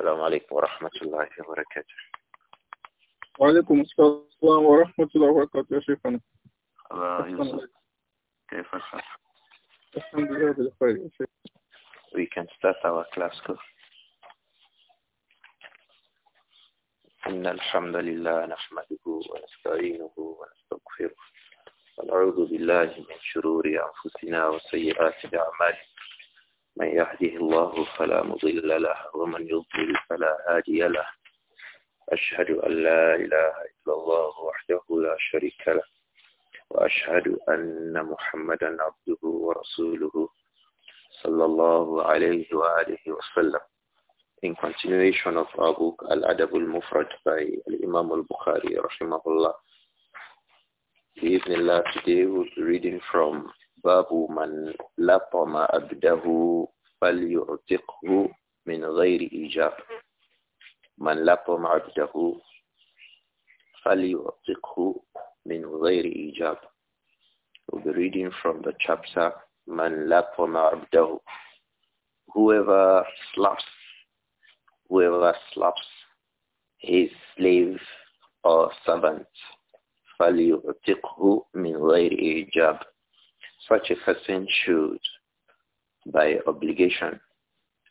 السلام عليكم ورحمة الله وبركاته وعليكم السلام ورحمة الله وبركاته يا شيخنا الله يسلمك كيف الحال؟ الحمد لله بالخير يا شيخ We can start our class school. إن الحمد لله نحمده ونستعينه ونستغفره ونعوذ بالله من شرور أنفسنا وسيئات أعمالنا من يهده الله فلا مضل له ومن يضلل فلا هادي له أشهد أن لا إله إلا الله وحده لا شريك له وأشهد أن محمدا عبده ورسوله صلى الله عليه وآله وسلم In continuation of our book Al-Adab al-Mufrad by Imam al-Bukhari rahimahullah Bismillah, today we'll be reading from باب من لطم عبده فليعتقه من غير إيجاب من لطم عبده فليعتقه من غير إيجاب We'll be reading from the chapter Man Lapoma Whoever slaps, whoever slaps his slave or servant, فَلْيُعْتِقْهُ مِنْ غَيْرِ إِجَابٍ such a person should, by obligation,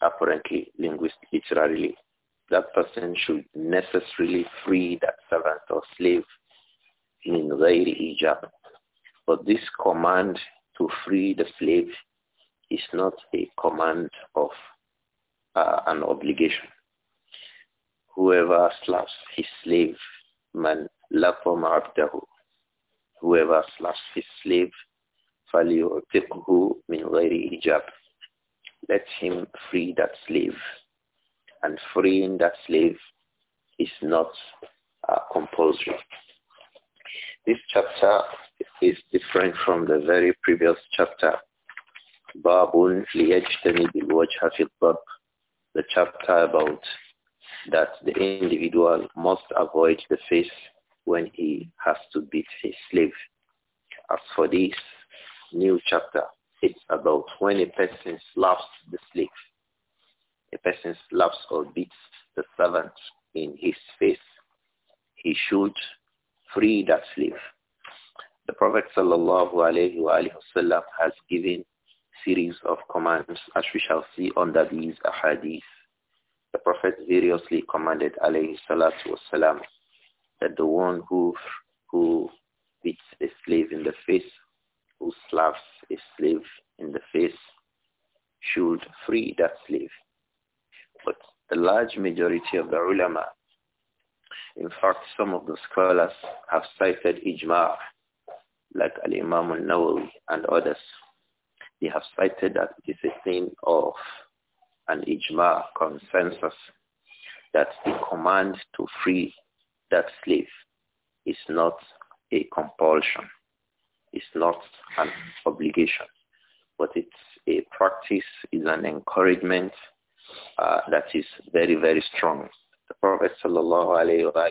apparently, linguistically, literally, that person should necessarily free that servant or slave in ghairi ijab. But this command to free the slave is not a command of uh, an obligation. Whoever slaps his slave, man lafum abdahu. Whoever slaps his slave, فَلْيُعْتِقْهُ مِنْ غَيْرِ إِجَابٍ Let him free that slave. And freeing that slave is not uh, compulsory. This chapter is different from the very previous chapter. Babun liyajtani bilwajha fil The chapter about that the individual must avoid the face when he has to beat his slave. As for this, new chapter, it's about when a person slaps the slave. A person slaps or beats the servant in his face. He should free that slave. The Prophet ﷺ has given series of commands as we shall see under these ahadith. The Prophet variously commanded alayhi that the one who, who beats a slave in the face who slaps a slave in the face should free that slave. But the large majority of the ulama, in fact, some of the scholars have cited ijma, like al-Imam al-Nawawi and others. They have cited that it is a thing of an ijma consensus that the command to free that slave is not a compulsion is not an obligation, but it's a practice, is an encouragement uh, that is very, very strong. The Prophet ﷺ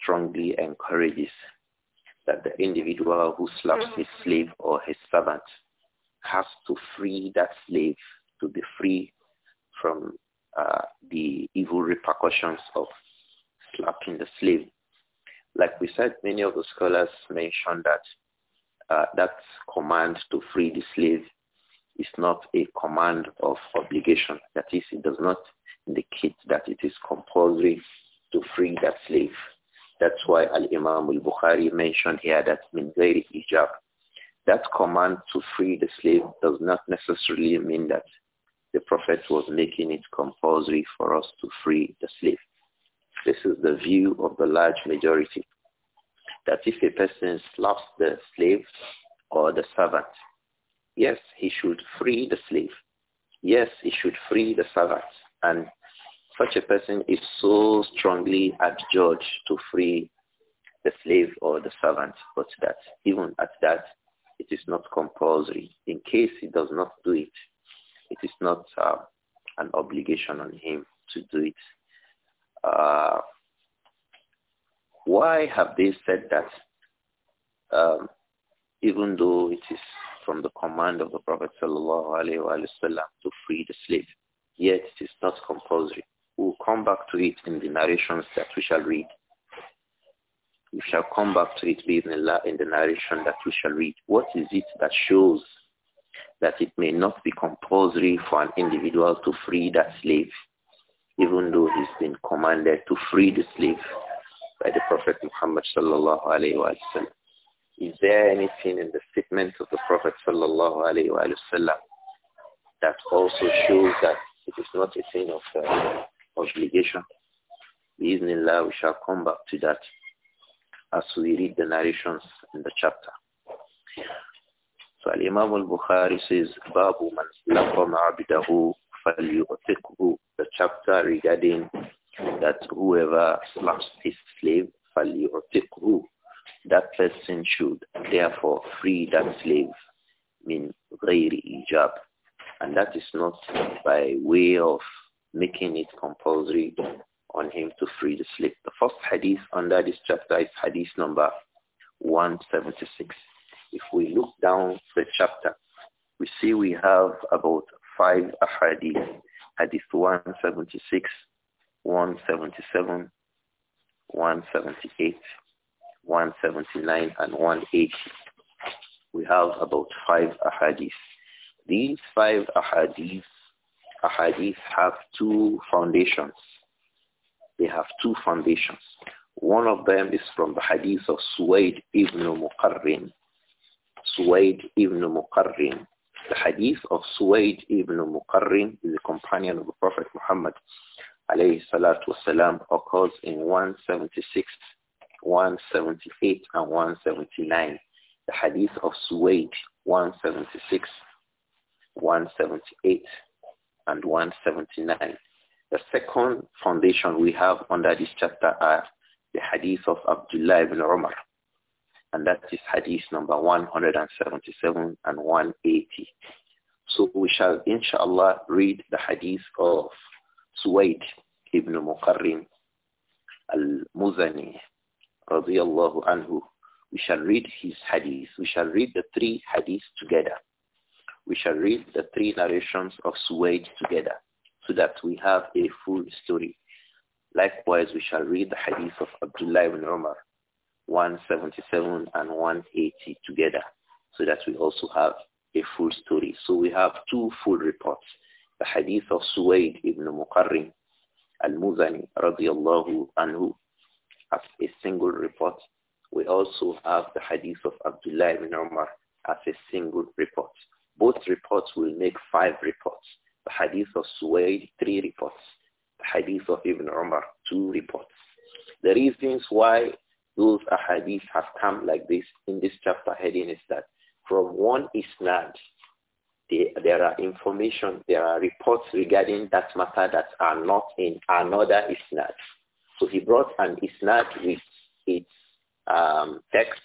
strongly encourages that the individual who slaps his mm-hmm. slave or his servant has to free that slave to be free from uh, the evil repercussions of slapping the slave. Like we said, many of the scholars mentioned that uh, that command to free the slave is not a command of obligation. That is, it does not indicate that it is compulsory to free that slave. That's why Al-Imam al-Bukhari mentioned here that min ghairi hijab. That command to free the slave does not necessarily mean that the Prophet was making it compulsory for us to free the slave. This is the view of the large majority that if a person slaps the slave or the servant, yes, he should free the slave. Yes, he should free the servant. And such a person is so strongly adjudged to free the slave or the servant, but that even at that, it is not compulsory. In case he does not do it, it is not uh, an obligation on him to do it. Uh, why have they said that um, even though it is from the command of the Prophet wasallam to free the slave, yet it is not compulsory? We'll come back to it in the narrations that we shall read. We shall come back to it in the narration that we shall read. What is it that shows that it may not be compulsory for an individual to free that slave, even though he's been commanded to free the slave? by the Prophet Muhammad sallallahu alayhi wa sallam. Is there anything in the statement of the Prophet sallallahu alayhi wa sallam that also shows that it is not a thing of uh, obligation? Bismillah, we shall come back to that as we read the narrations in the chapter. So Imam al-Bukhari says, Babu man abidahu abdahu falyu'tiqhu, the chapter regarding that whoever slaps his slave, فَلْيُعْتِقْهُ That person should therefore free that slave, min غَيْرِ And that is not by way of making it compulsory on him to free the slave. The first hadith under this chapter is hadith number 176. If we look down the chapter, we see we have about five hadith. Hadith 176, 177, 178, 179, and 180. We have about five ahadith. These five ahadith, have two foundations. They have two foundations. One of them is from the hadith of Suwaid ibn Muqarrin. Suwaid ibn Muqarrin. The hadith of Suwaid ibn Muqarrin is a companion of the Prophet Muhammad alayhi salatu wasalam, occurs in 176, 178, and 179. The hadith of Suwaid, 176, 178, and 179. The second foundation we have under this chapter are the hadith of Abdullah ibn Umar. And that is hadith number 177 and 180. So we shall, inshallah, read the hadith of Suwaid ibn Muqarrin al-Muzani الله عنه. We shall read his hadith. We shall read the three hadiths together. We shall read the three narrations of Suwaid together so that we have a full story. Likewise, we shall read the hadith of Abdullah ibn Umar, 177 and 180 together so that we also have a full story. So we have two full reports the hadith of Suwaid ibn Muqarrim al-Muzani radiallahu anhu as a single report. We also have the hadith of Abdullah ibn Umar as a single report. Both reports will make five reports. The hadith of Suwaid, three reports. The hadith of Ibn Umar, two reports. The reasons why those ahadith have come like this in this chapter heading is that from one isnad, they, there are information, there are reports regarding that matter that are not in another isnad. So he brought an isnad with its um, text.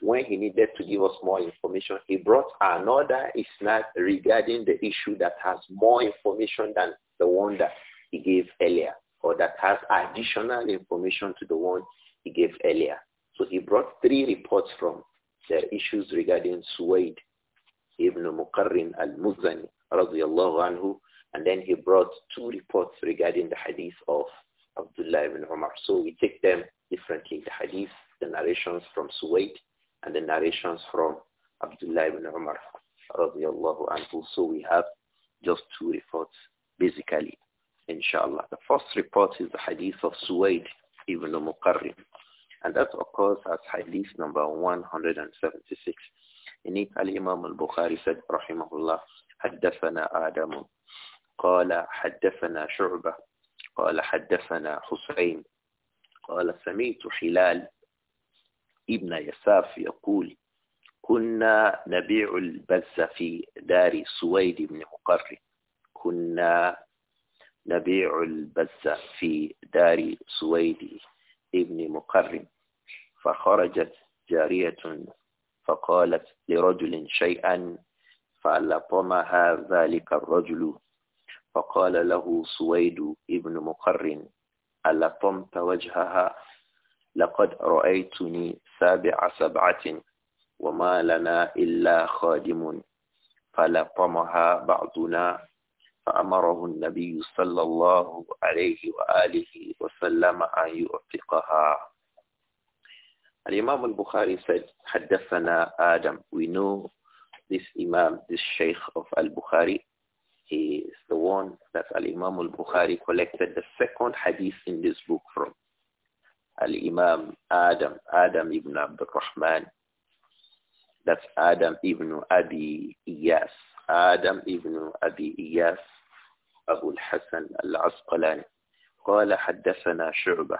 When he needed to give us more information, he brought another isnad regarding the issue that has more information than the one that he gave earlier, or that has additional information to the one he gave earlier. So he brought three reports from the issues regarding suede ibn Muqarrin al-Muzani radiallahu anhu. And then he brought two reports regarding the hadith of Abdullah ibn Umar. So we take them differently. The hadith, the narrations from Suwaid and the narrations from Abdullah ibn Umar radiallahu anhu. So we have just two reports basically, inshallah. The first report is the hadith of Suwaid ibn Muqarrib. And that occurs as hadith number 176. المؤمنين الإمام البخاري رحمه الله حدثنا آدم قال حدثنا شعبة قال حدثنا حسين قال سمعت حلال ابن يساف يقول كنا نبيع البز في دار سويد بن مقرن كنا نبيع البز في دار سويد بن مقرن فخرجت جارية فقالت لرجل شيئا فلطمها ذلك الرجل فقال له سويد ابن مقر ألطمت وجهها لقد رأيتني سابع سبعة وما لنا إلا خادم فلطمها بعضنا فأمره النبي صلى الله عليه وآله وسلم أن يعتقها Al-Imam al-Bukhari said, Haddathana Adam. We know this Imam, this Sheikh of al-Bukhari. He is the one that Al-Imam al-Bukhari collected the second hadith in this book from. Al-Imam Adam, Adam ibn Abdul Rahman. That's Adam ibn Abi Iyas. Adam ibn Abi Iyas, Abu al-Hasan al-Asqalani. قال حدثنا شعبة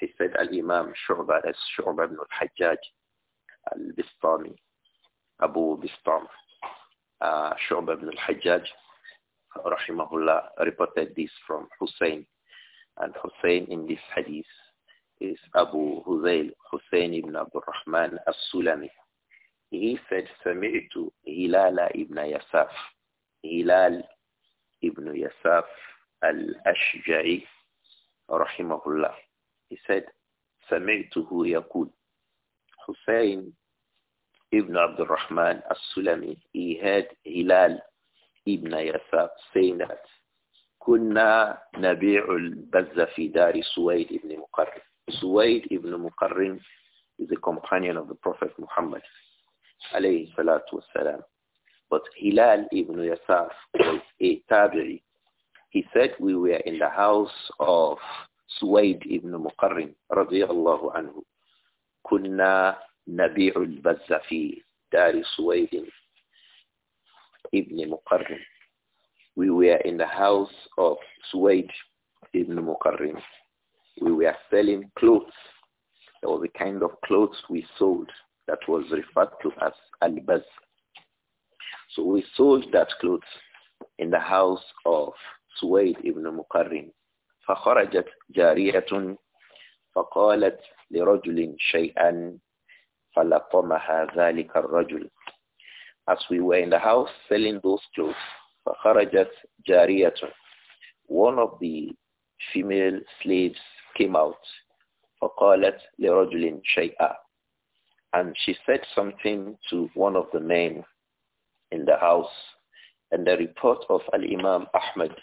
he said Al-Imam Shu'ba, that's Shu'ba ibn al-Hajjaj al-Bistami, Abu Bistam, uh, ibn al-Hajjaj, rahimahullah, reported this from Hussein. And Hussein in this hadith is Abu Huzail, Hussein ibn Abu Rahman al-Sulami. He said, سمعت هلال ابن يساف هلال ابن يساف الأشجعي رحمه الله He said, سَمِعْتُهُ يَقُولُ Hussein ibn Abdul Rahman as-Sulami, he heard Hilal ibn Yasaf saying that, "Kunna نبيع البز في دار ibn Mukarrim." Suwaid ibn Muqarrin is a companion of the Prophet Muhammad alayhi But Hilal ibn Yasaf was a tabi'i. He said we were in the house of Suwaid ibn رضي الله عنه. كنا نبيع البز في دار سويد ابن مقرن. We were in the house of Suwaid ibn Muqarrin. We were selling clothes. There was a kind of clothes we sold that was referred to as al-baz. So we sold that clothes in the house of Suwaid ibn Muqarrin. فخرجت جارية فقالت لرجل شيئا فلطمها ذلك الرجل as we were in the house selling those clothes فخرجت جارية one of the female slaves came out فقالت لرجل شيئا and she said something to one of the men in the house and the report of Al-Imam Ahmad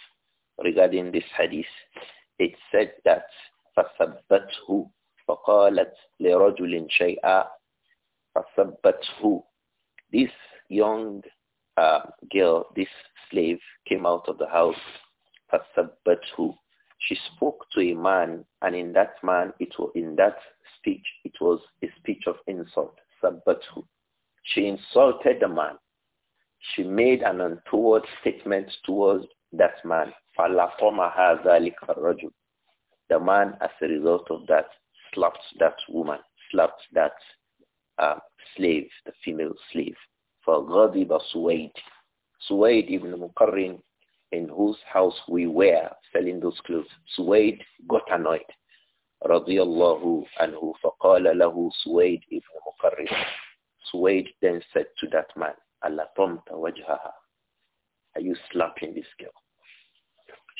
regarding this hadith, it said that فَثَبَّتْهُ فَقَالَتْ لِرَجُلٍ شَيْئًا فَثَبَّتْهُ This young uh, girl, this slave, came out of the house. فَثَبَّتْهُ She spoke to a man, and in that man, it was, in that speech, it was a speech of insult. ثَبَّتْهُ She insulted the man. She made an untoward statement towards that man. فَلَطَمَهَا ذَلِكَ الرَّجُلُ The man, as a result of that, slapped that woman, slapped that uh, slave, the female slave. فَغَضِبَ سُوَيْدِ Suwaid ibn Muqarrin, in whose house we were selling those clothes, Suwaid got annoyed. رضي الله عنه فقال له سويد ابن مقرن Suwaid then said to that man, Allah tomta wajhaha. Are you slapping this girl?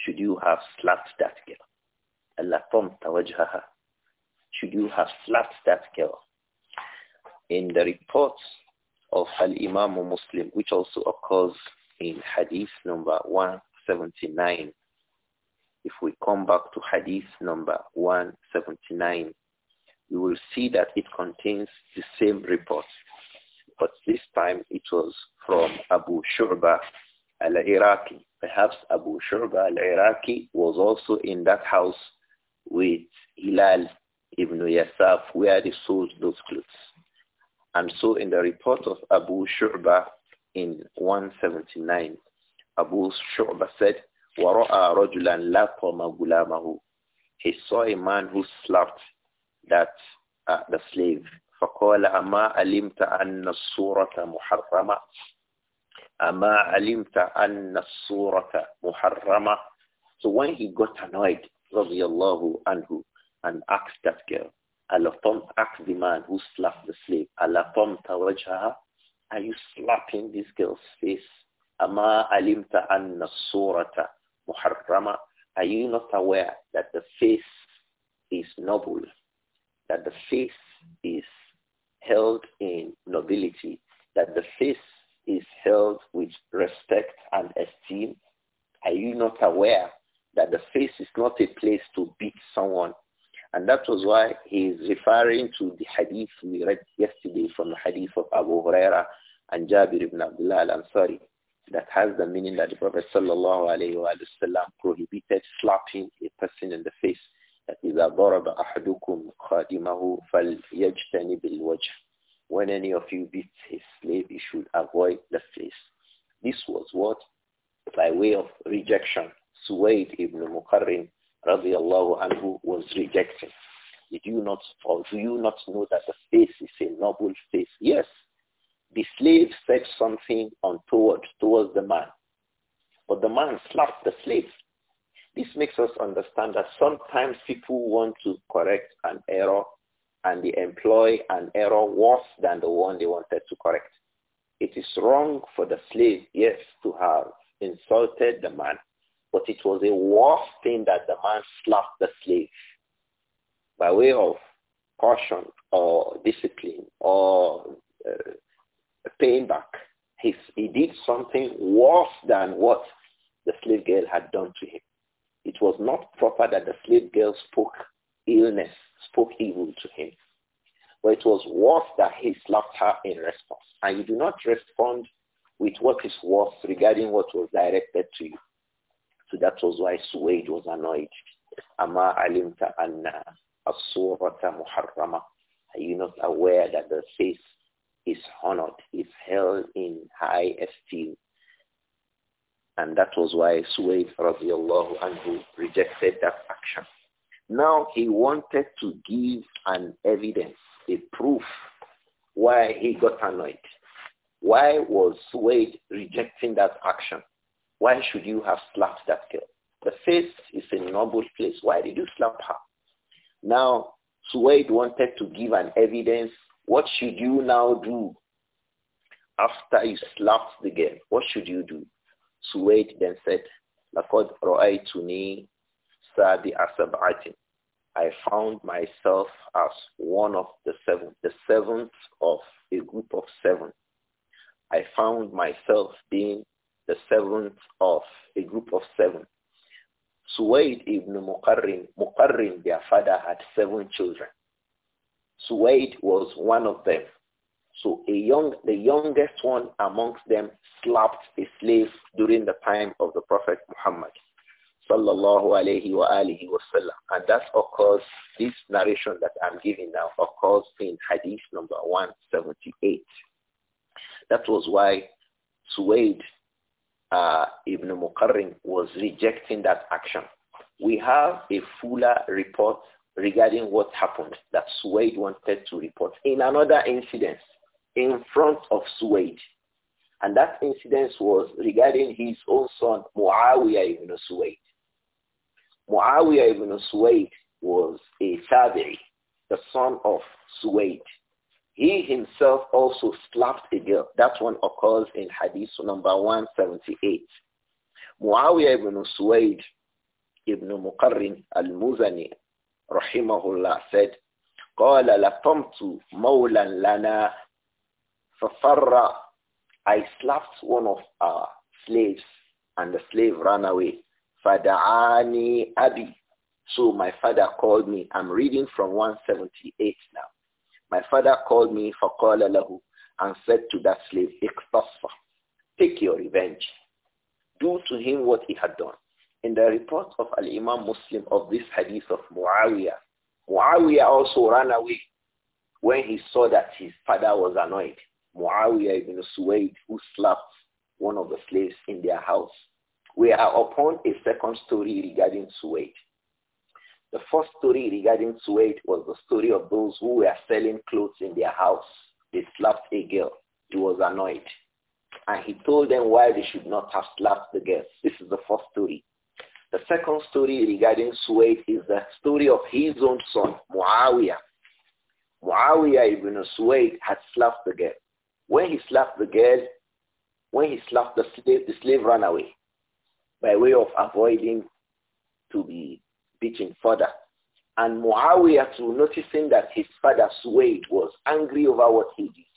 Should you have slapped that girl? Should you have slapped that girl? In the reports of Al-Imam Muslim, which also occurs in Hadith number 179, if we come back to Hadith number 179, you will see that it contains the same report. But this time it was from Abu Shurba al-Iraqi Perhaps Abu Shurba al-Iraqi was also in that house with Hilal ibn Yasaf where they sold those clothes. And so in the report of Abu Shurba in 179, Abu Shurba said, وَرَأَى رَجُلًا لَقَمَ غُلَامَهُ He saw a man who slapped that uh, the slave. فَقَالَ أَمَا أَلِمْتَ أَنَّ الصُّورَةَ مُحَرَّمَةً أما alimta أن الصورة محرمة So when he got annoyed, رضي الله عنه, and asked that girl, Alatom asked the man who slapped the slave, Alatom tawajhaha, are you slapping this girl's face? Ama alimta anna surata muharrama, are you not aware that the face is noble, that the face is held in nobility, that the face is held with respect and esteem? Are you not aware that the face is not a place to beat someone? And that was why he is referring to the hadith we read yesterday from the hadith of Abu Huraira and Jabir ibn Abdullah al-Ansari that has the meaning that the Prophet sallallahu alayhi wa sallam prohibited slapping a person in the face. That is, إِذَا ضَرَبَ أَحَدُكُمْ خَادِمَهُ فَلْيَجْتَنِبِ الْوَجْهِ when any of you beats his slave, he should avoid the face. This was what? By way of rejection. Suwaid ibn Muqarrin radiallahu anhu was rejecting. Did you not, or do you not know that the face is a noble face? Yes. The slave said something untoward towards the man, but the man slapped the slave. This makes us understand that sometimes people want to correct an error and they employ an error worse than the one they wanted to correct. It is wrong for the slave, yes, to have insulted the man, but it was a worse thing that the man slapped the slave by way of caution or discipline or uh, paying back. He, he did something worse than what the slave girl had done to him. It was not proper that the slave girl spoke illness spoke evil to him. But it was worth that he slapped her in response. And you do not respond with what is worth regarding what was directed to you. So that was why Suwaid was annoyed. Ama alimta anna asurata muharrama. Are you not aware that the face is honored, is held in high esteem? And that was why Suwaid radiallahu anhu rejected that action. Now he wanted to give an evidence, a proof why he got annoyed. Why was Wade rejecting that action? Why should you have slapped that girl? The face is a noble place. Why did you slap her? Now, Suede wanted to give an evidence. What should you now do after you slapped the girl? What should you do? Suede then said, لَقَدْ رَأَيْتُنِي سَابِعَ سَبْعَةٍ I found myself as one of the seven, the seventh of a group of seven. I found myself being the seventh of a group of seven. Suwaid ibn Mukarrim, Mukarrim, their father, had seven children. Suwaid was one of them. So a young, the youngest one amongst them slapped a slave during the time of the Prophet Muhammad sallallahu alayhi wa alihi wa sallam. And that occurs, this narration that I'm giving now occurs in hadith number 178. That was why Suwaid uh, Ibn Muqarrim was rejecting that action. We have a fuller report regarding what happened that Suwaid wanted to report in another incident in front of Suwaid. And that incident was regarding his own son, Muawiyah ibn Suwaid. Muawiyah ibn Suwaid was a Tabi'i, the son of Suwaid. He himself also slapped a girl. That one occurs in Hadith number 178. Muawiyah ibn Suwaid ibn Muqarrin al-Muzani rahimahullah said, قال لطمت مولا لنا ففر I slapped one of our slaves and the slave ran away. Fada'ani Abi. So my father called me. I'm reading from 178 now. My father called me for call Allahu and said to that slave, اقتصف. Take your revenge. Do to him what he had done. In the report of Al-Imam Muslim of this hadith of Muawiyah, Muawiyah also ran away when he saw that his father was annoyed. Muawiyah ibn Suwaid, who slapped one of the slaves in their house. We are upon a second story regarding Suwaid. The first story regarding Suwaid was the story of those who were selling clothes in their house. They slapped a girl. He was annoyed. And he told them why they should not have slapped the girl. This is the first story. The second story regarding Suwaid is the story of his own son, Muawiyah. Muawiyah ibn Suwaid had slapped the girl. When he slapped the girl, when he slapped the slave, the slave ran away by way of avoiding to be beaten further. And Muawiyah too, noticing that his father Suwaid was angry over what he did.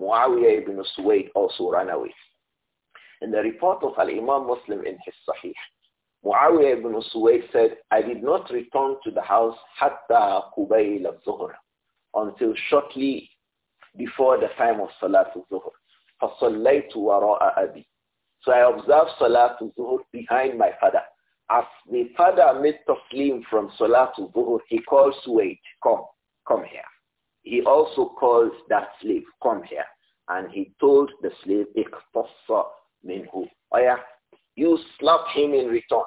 Muawiyah ibn Suwaid also ran away. In the report of Al-Imam Muslim in his Sahih, Muawiyah ibn Suwaid said, I did not return to the house hatta qubayl al-zuhr, until shortly before the time of Salat al-zuhr. فَصَلَّيْتُ وَرَاءَ أَبِي so I observed Salatul Zuhur behind my father. As the father made Taslim from Salatul Zuhur, he calls wait, come, come here. He also calls that slave, come here. And he told the slave, Iqtassa minhu. Oya, oh, you slap him in return.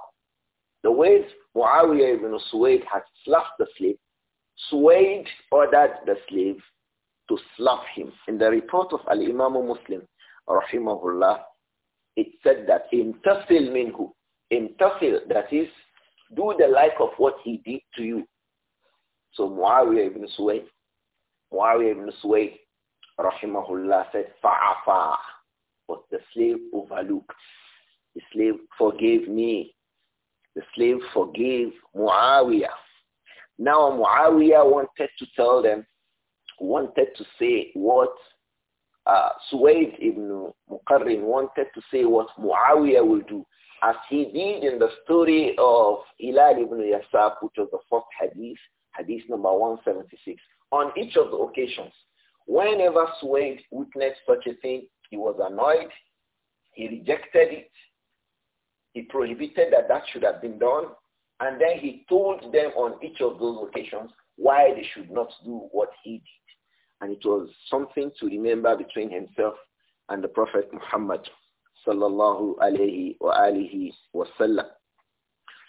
The way Muawiyah ibn Suwaid had slapped the slave, Suwaid ordered the slave to slap him. In the report of Al-Imam Muslim, rahimahullah, it said that in imtasil minhu. Imtasil, that is, do the like of what he did to you. So Muawiyah ibn Suwayd, Muawiyah ibn Suwayd, rahimahullah, said, fa'afa. But the slave overlooked. The slave forgave me. The slave forgave Muawiyah. Now Muawiyah wanted to tell them, wanted to say what uh, Suwaid ibn Muqarrin wanted to say what Muawiyah will do, as he did in the story of Hilal ibn Yasab, which was the first hadith, hadith number 176. On each of the occasions, whenever Suwaid witnessed such a thing, he was annoyed, he rejected it, he prohibited that that should have been done, and then he told them on each of those occasions why they should not do what he did. And it was something to remember between himself and the Prophet Muhammad sallallahu alayhi wa alihi wasallam.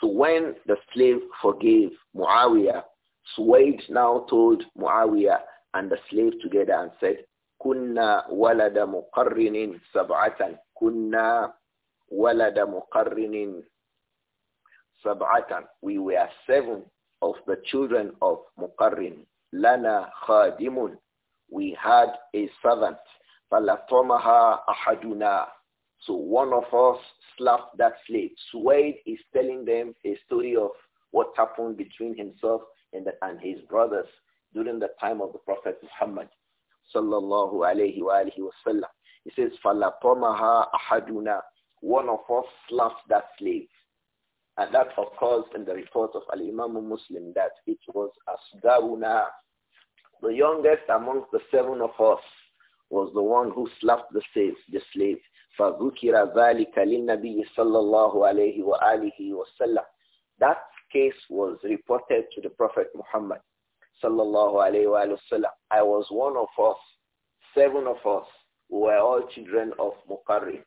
So when the slave forgave Muawiyah, Suwaid now told Muawiyah and the slave together and said, Kunna walada muqarrinin sab'atan. Kunna walada muqarrinin sab'atan. We were seven of the children of Muqarrin. Lana khadimun we had a servant. فَلَطَمَهَا أَحَدُنَا So one of us slapped that slave. Suwaid is telling them a story of what happened between himself and, the, and his brothers during the time of the Prophet Muhammad sallallahu alayhi wa wasallam. He says, فَلَطَمَهَا أَحَدُنَا One of us slapped that slave. And that occurs in the report of Al-Imam Muslim that it was Asgaruna the youngest amongst the seven of us was the one who slapped the slave. The slave. فَذُكِرَ ذَلِكَ لِلنَّبِيِّ صَلَّى اللَّهُ عَلَيْهِ وَآلِهِ وَسَلَّمَ That case was reported to the Prophet Muhammad sallallahu alayhi wa I was one of us, seven of us, who were all children of Muqarrib.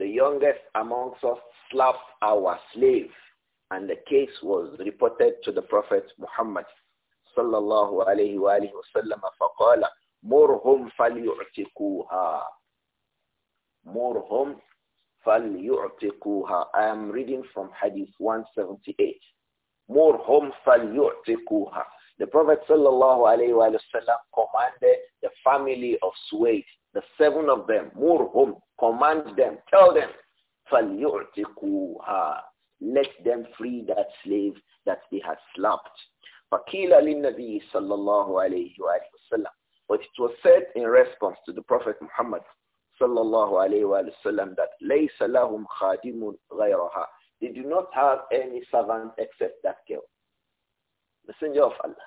The youngest amongst us slapped our slave, and the case was reported to the Prophet Muhammad صلى الله عليه وآله وسلم فقال مرهم فليعتقوها مرهم فليعتقوها I am reading from Hadith 178 مرهم فليعتقوها The Prophet sallallahu alayhi wa commanded the family of Suwayd, the seven of them, Murhum, command them, tell them, فَلْيُعْتِقُوهَا Let them free that slave that they had slapped. فَقِيلَ لِلنَّبِيِّ صَلَّى اللَّهُ عَلَيْهِ But it was said in response to the Prophet Muhammad sallallahu alayhi wa sallam that They do not have any servant except that girl. Messenger of Allah.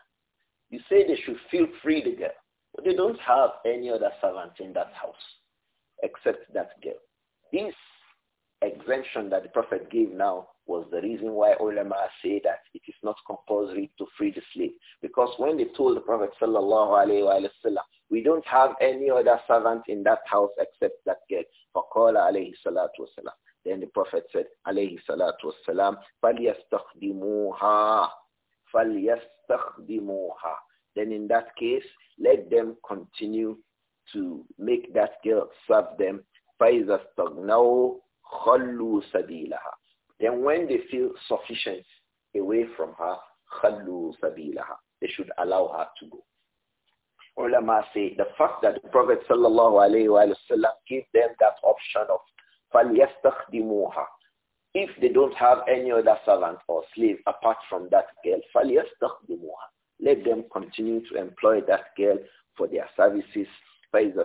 You say they should feel free the girl, but they don't have any other servant in that house except that girl. This exemption that the Prophet gave now was the reason why ulama say that it is not compulsory to free the slave. Because when they told the Prophet sallallahu alayhi wa sallam, we don't have any other servant in that house except that girl. فَقَالَ alayhi salatu Then the Prophet said, alayhi salatu فَلْيَسْتَخْدِمُوهَا فَلْيَسْتَخْدِمُوهَا Then in that case, let them continue to make that girl serve them. فَإِذَا اسْتَغْنَوْا خَلُّوا سَبِيلَهَا then when they feel sufficient away from her, خَلُّوا سَبِيلَهَا They should allow her to go. Ulama say the fact that the Prophet sallallahu alayhi wasallam gave them that option of فَلْيَسْتَخْدِمُوهَا If they don't have any other servant or slave apart from that girl, فَلْيَسْتَخْدِمُوهَا Let them continue to employ that girl for their services and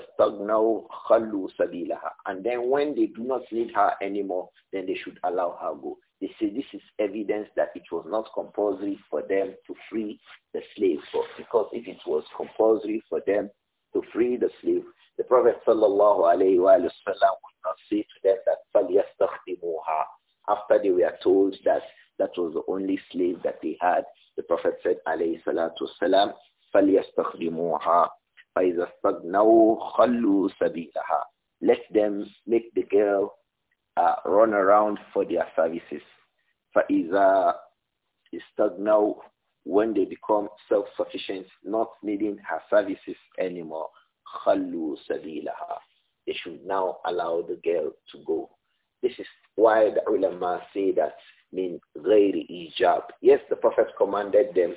then when they do not need her anymore, then they should allow her go. They say this is evidence that it was not compulsory for them to free the slave. Because if it was compulsory for them to free the slave, the Prophet sallallahu alayhi wa would not say to them that فَلْيَسْتَخْدِمُوهَا After they were told that that was the only slave that they had, the Prophet said alayhi salatu wasalam, let them make the girl uh, run around for their services. فَإِذَا now, When they become self-sufficient, not needing her services anymore, خَلُّوا They should now allow the girl to go. This is why the ulama say that mean غير إيجاب. Yes, the Prophet commanded them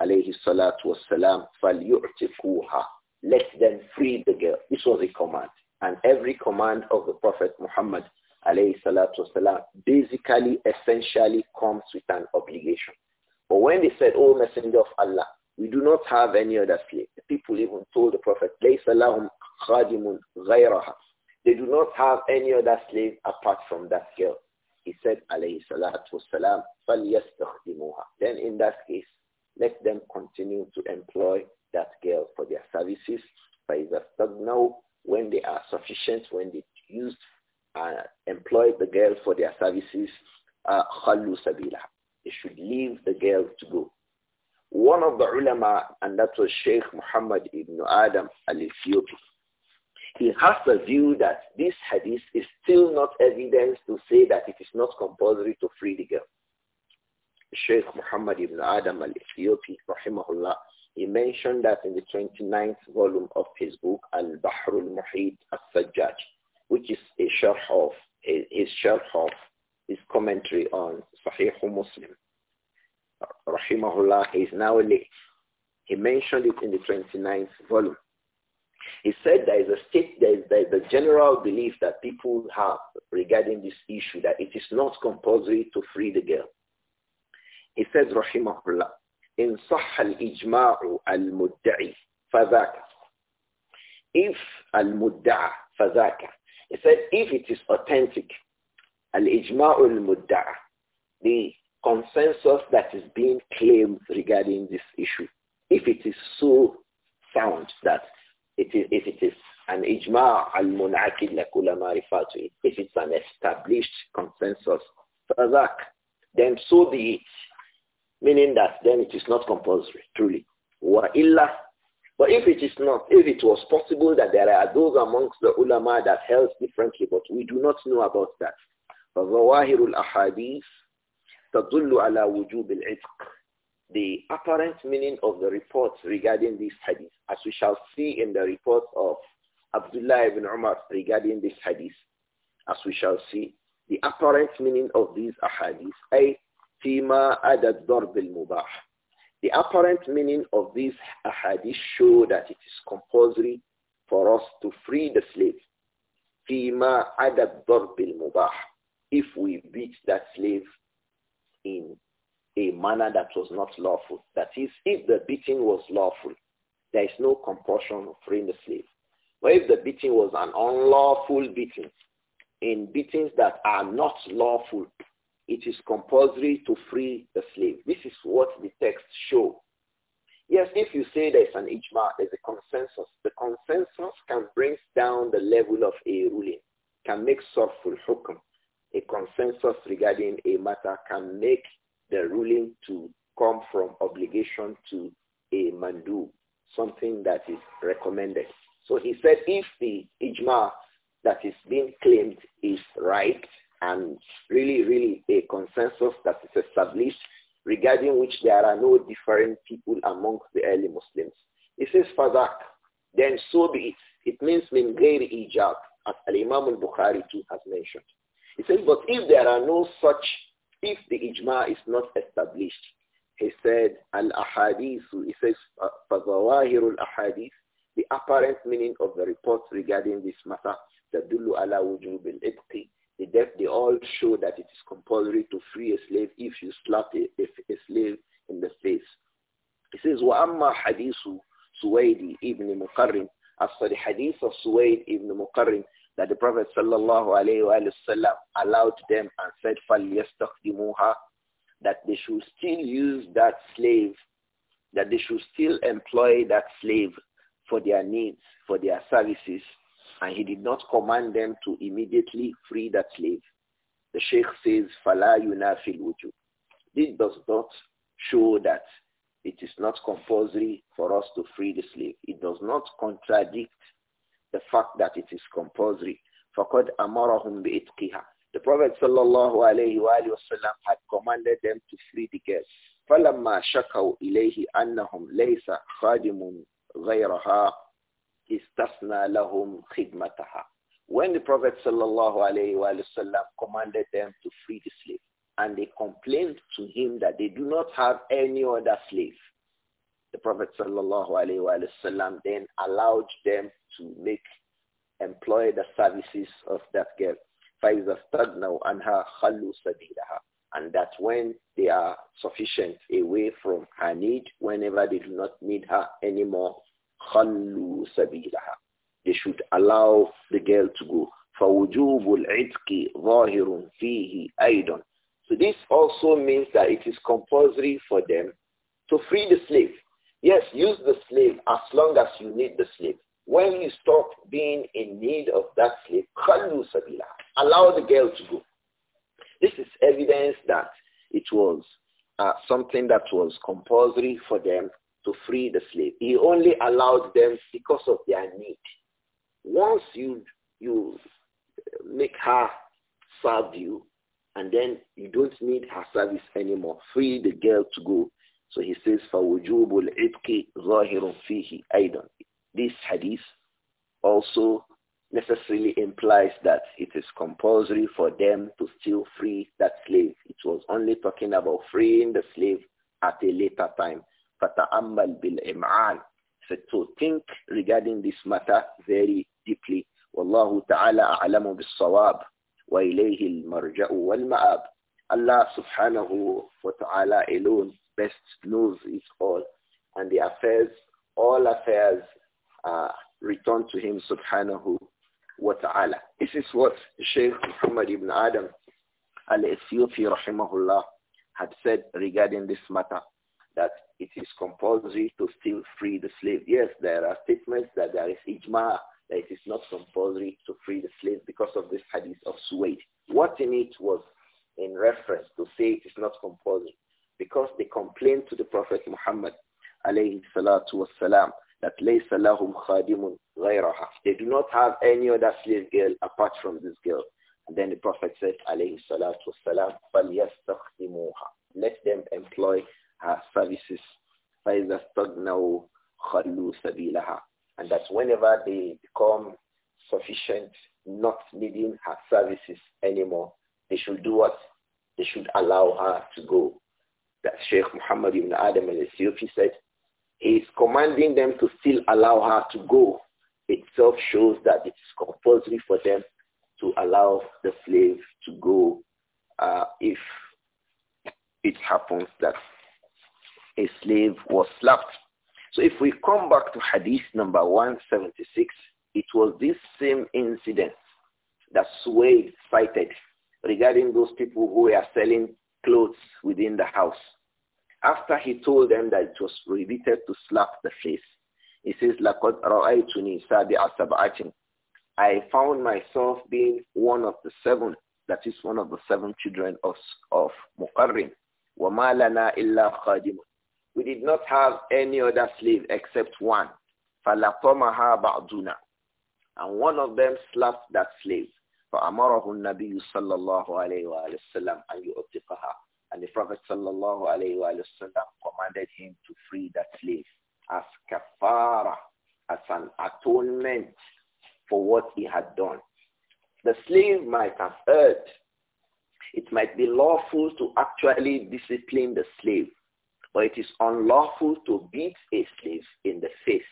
alayhi salatu wasalam, فَلْيُعْتِقُوهَا Let them free the girl. This was a command. And every command of the Prophet Muhammad alayhi salatu wasalam basically, essentially comes with an obligation. But when they said, O oh, Messenger of Allah, we do not have any other slave. The people even told the Prophet, لَيْسَ They do not have any other slave apart from that girl. He said, alayhi salatu wasalam, فَلْيَسْتَخْدِمُوهَا Then in that case, let them continue to employ that girl for their services. but Now, when they are sufficient, when they use, uh, employ the girl for their services, uh, they should leave the girl to go. One of the ulama, and that was Sheikh Muhammad ibn Adam al-Ethiopi, he has the view that this hadith is still not evidence to say that it is not compulsory to free the girl. Sheikh Muhammad ibn Adam al-Ethiopi, rahimahullah, he mentioned that in the 29th volume of his book, Al-Bahrul Muhit al-Sajjaj, which is a sharh of, his sharh of his commentary on Sahih Muslim. Rahimahullah is now late. He mentioned it in the 29th volume. He said there is a state, there is, there is a general belief that people have regarding this issue that it is not compulsory to free the girl. He says, rahimahullah, in صح الإجماع المدعي فذاك. If al-mudda'a فذاك. He said, if it is authentic, al-ijma'u al-mudda'a, the consensus that is being claimed regarding this issue, if it is so sound that it is, if it is an ijma' al-mun'akid like ulama if it's an established consensus, فذاك, then so be it meaning that then it is not compulsory, truly. But if it is not, if it was possible that there are those amongst the ulama that held differently, but we do not know about that. فظواهر الأحاديث تدل على وجوب العتق. The apparent meaning of the reports regarding this hadith, as we shall see in the report of Abdullah ibn Umar regarding this hadith, as we shall see, the apparent meaning of these ahadith, فيما عدا الضرب المباح. The apparent meaning of these ahadith show that it is compulsory for us to free the slave. فيما عدا الضرب المباح. If we beat that slave in a manner that was not lawful. That is, if the beating was lawful, there is no compulsion of freeing the slave. But if the beating was an unlawful beating, in beatings that are not lawful, it is compulsory to free the slave. This is what the text show. Yes, if you say there's an ijma, there's a consensus. The consensus can bring down the level of a ruling, can make sorrowful hukm. A consensus regarding a matter can make the ruling to come from obligation to a mandu, something that is recommended. So he said if the ijma that is being claimed is right, and really, really a consensus that is established regarding which there are no different people amongst the early Muslims. He says, Fadak, then so be it. It means min ghairi ijab, as Al-Imam al-Bukhari too has mentioned. He says, but if there are no such, if the ijma is not established, he said, al-ahadith, he says, al ahadith, the apparent meaning of the reports regarding this matter, tadullu ala wujub al they, they all show that it is compulsory to free a slave if you slap a, a slave in the face. He says, وَأَمَّا حَدِيثُ سُوَيْدِ ibn مُقَرِّنٍ As for the hadith of Suwaid ibn Muqarrin, that the Prophet sallallahu alayhi wa sallam allowed them and said, فَلْيَسْتَخْدِمُوهَا That they should still use that slave, that they should still employ that slave for their needs, for their services, and he did not command them to immediately free that slave. The Sheikh says, Fala yunafil wujud." This does not show that it is not compulsory for us to free the slave. It does not contradict the fact that it is compulsory. فَقَدْ أَمَرَهُمْ بِإِتْقِهَا The Prophet sallallahu alayhi wa sallam had commanded them to free the guest. فَلَمَّا شَكَوْا إِلَيْهِ أَنَّهُمْ لَيْسَ خَادِمٌ غَيْرَهَا istasna lahum khidmataha. When the Prophet sallallahu alayhi wa sallam commanded them to free the slave, and they complained to him that they do not have any other slave, the Prophet sallallahu alayhi wa sallam then allowed them to make employ the services of that girl. فَإِذَا اسْتَغْنَوْا عَنْهَا خَلُّوا سَبِيلَهَا and that when they are sufficient away from her need, whenever they do not need her anymore, خَلُّوا سَبِيلَهَا They should allow the girl to go. فَوُجُوبُ الْعِتْقِ ظَاهِرٌ فِيهِ أَيْضًا So this also means that it is compulsory for them to free the slave. Yes, use the slave as long as you need the slave. When you stop being in need of that slave, خَلُّوا سَبِيلَهَا Allow the girl to go. This is evidence that it was uh, something that was compulsory for them to free the slave. He only allowed them because of their need. Once you, you make her serve you, and then you don't need her service anymore. Free the girl to go. So he says, فَوُجُوبُ ظَاهِرٌ فِيهِ أَيْضًا This hadith also necessarily implies that it is compulsory for them to still free that slave. It was only talking about freeing the slave at a later time. فتأمل بالإمعان فتو تنك ريجاردين ذيس ماتا فيري ديبلي والله تعالى أعلم بالصواب وإليه المرجع والمآب الله سبحانه وتعالى إلون best knows is all and the affairs all affairs uh, return to him سبحانه وتعالى this is what الشيخ محمد بن آدم الإثيوفي رحمه الله had said regarding this matter that it is compulsory to still free the slave. Yes, there are statements that there is ijma, that it is not compulsory to free the slave because of this hadith of Suwaid. What in it was in reference to say it is not compulsory? Because they complained to the Prophet Muhammad alayhi salatu that laysa lahum khadimun They do not have any other slave girl apart from this girl. And then the Prophet said alayhi salatu wasalam, فَلْيَسْتَخْدِمُوهَا Let them employ her services. And that whenever they become sufficient, not needing her services anymore, they should do what? They should allow her to go. That Sheikh Muhammad ibn Adam al-Ethiopi said, he is commanding them to still allow her to go. Itself shows that it is compulsory for them to allow the slave to go uh, if it happens that a slave was slapped. So if we come back to hadith number 176, it was this same incident that Suwaid cited regarding those people who were selling clothes within the house. After he told them that it was prohibited to slap the face, he says, لَقَدْ رَأَيْتُنِي سَابِعَ سَبْعَةٍ I found myself being one of the seven, that is one of the seven children of, of Muqarrim. وَمَا لَنَا إِلَّا خَادِمٌ we did not have any other slave except one. فَلَطَمَهَا بَعْضُنَا And one of them slapped that slave. فَأَمَرَهُ النَّبِيُّ صَلَّى اللَّهُ عَلَيْهِ وَآلِهِ وَسَلَّمَ أَنْ يُؤْتِقَهَا And the Prophet صلى الله عليه وآله وسلم commanded him to free that slave as kafara, as an atonement for what he had done. The slave might have heard; It might be lawful to actually discipline the slave but it is unlawful to beat a slave in the face.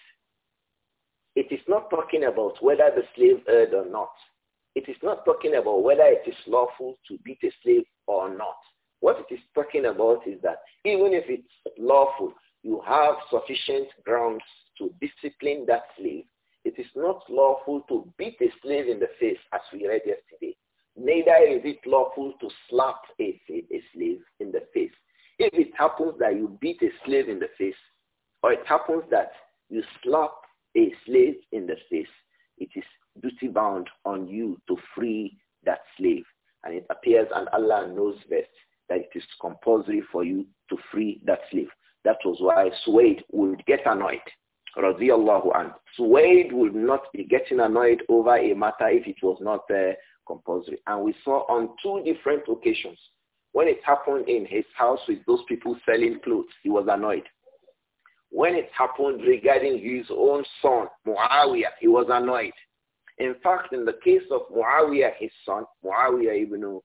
It is not talking about whether the slave heard or not. It is not talking about whether it is lawful to beat a slave or not. What it is talking about is that even if it's lawful, you have sufficient grounds to discipline that slave. It is not lawful to beat a slave in the face as we read yesterday. Neither is it lawful to slap a, a slave in the face. If it happens that you beat a slave in the face, or it happens that you slap a slave in the face, it is duty bound on you to free that slave. And it appears, and Allah knows best, that it is compulsory for you to free that slave. That was why Suwaid would get annoyed. Radiallahu an. Suwaid would not be getting annoyed over a matter if it was not uh, compulsory. And we saw on two different occasions when it happened in his house with those people selling clothes, he was annoyed. When it happened regarding his own son, Muawiyah, he was annoyed. In fact, in the case of Muawiyah, his son, Muawiyah ibn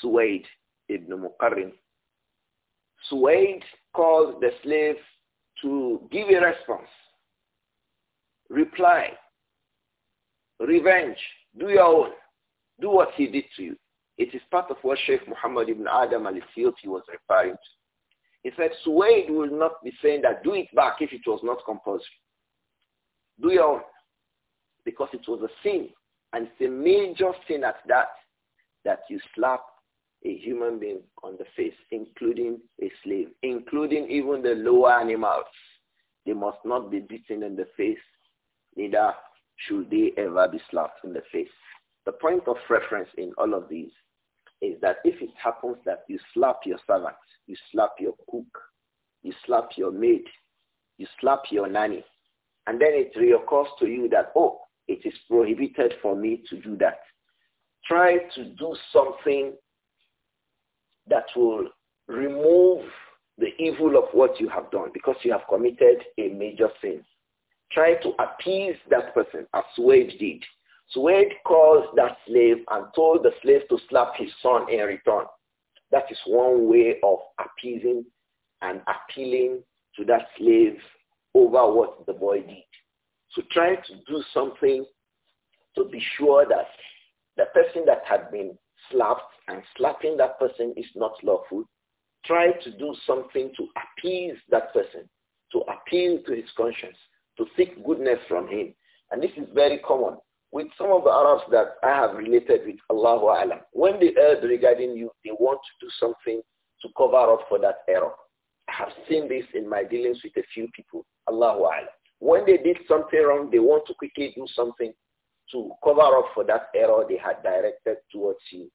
Suwaid ibn Mukarrin, Suwaid called the slave to give a response, reply, revenge, do your own, do what he did to you. It is part of what Sheikh Muhammad ibn Adam al-Ethiopi was referring to. He said, Suwaid will not be saying that do it back if it was not compulsory. Do your own. Because it was a sin. And it's a major sin at that, that you slap a human being on the face, including a slave, including even the lower animals. They must not be beaten in the face, neither should they ever be slapped in the face. The point of reference in all of these is that if it happens that you slap your servant, you slap your cook, you slap your maid, you slap your nanny, and then it reoccurs to you that, oh, it is prohibited for me to do that. Try to do something that will remove the evil of what you have done because you have committed a major sin. Try to appease that person as Wave did. Suwaid called that slave and told the slave to slap his son in return. That is one way of appeasing and appealing to that slave over what the boy did. So try to do something to be sure that the person that had been slapped and slapping that person is not lawful. Try to do something to appease that person, to appeal to his conscience, to seek goodness from him. And this is very common with some of the Arabs that I have related with, Allahu Alam, when they heard regarding you, they want to do something to cover up for that error. I have seen this in my dealings with a few people, Allahu Alam. When they did something wrong, they want to quickly do something to cover up for that error they had directed towards you.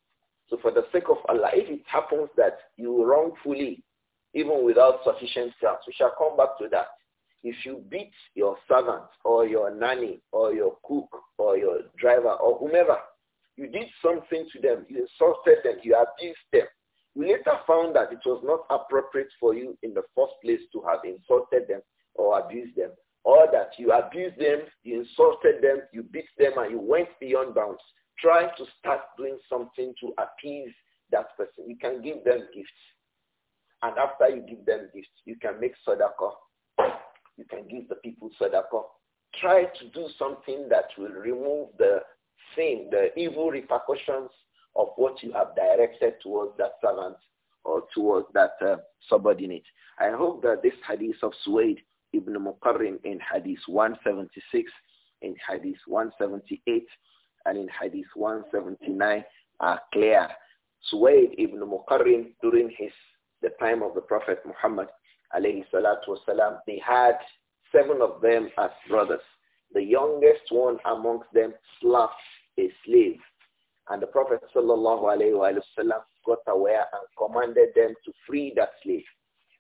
So for the sake of Allah, if it happens that you wrongfully, even without sufficient grounds, we shall come back to that. If you beat your servant or your nanny or your cook or your driver or whomever, you did something to them, you insulted them, you abused them. You later found that it was not appropriate for you in the first place to have insulted them or abused them, or that you abused them, you insulted them, you beat them, and you went beyond bounds. Try to start doing something to appease that person. You can give them gifts. And after you give them gifts, you can make sadaqah you can give the people sadaqah. Try to do something that will remove the thing, the evil repercussions of what you have directed towards that servant or towards that uh, subordinate. I hope that this hadith of Suwaid ibn Muqarrin in hadith 176, in hadith 178, and in hadith 179 are clear. Suwaid ibn Muqarrin during his the time of the Prophet Muhammad alayhi salatu wasalam, they had seven of them as brothers. The youngest one amongst them slapped a slave. And the Prophet sallallahu alayhi wasallam got aware and commanded them to free that slave.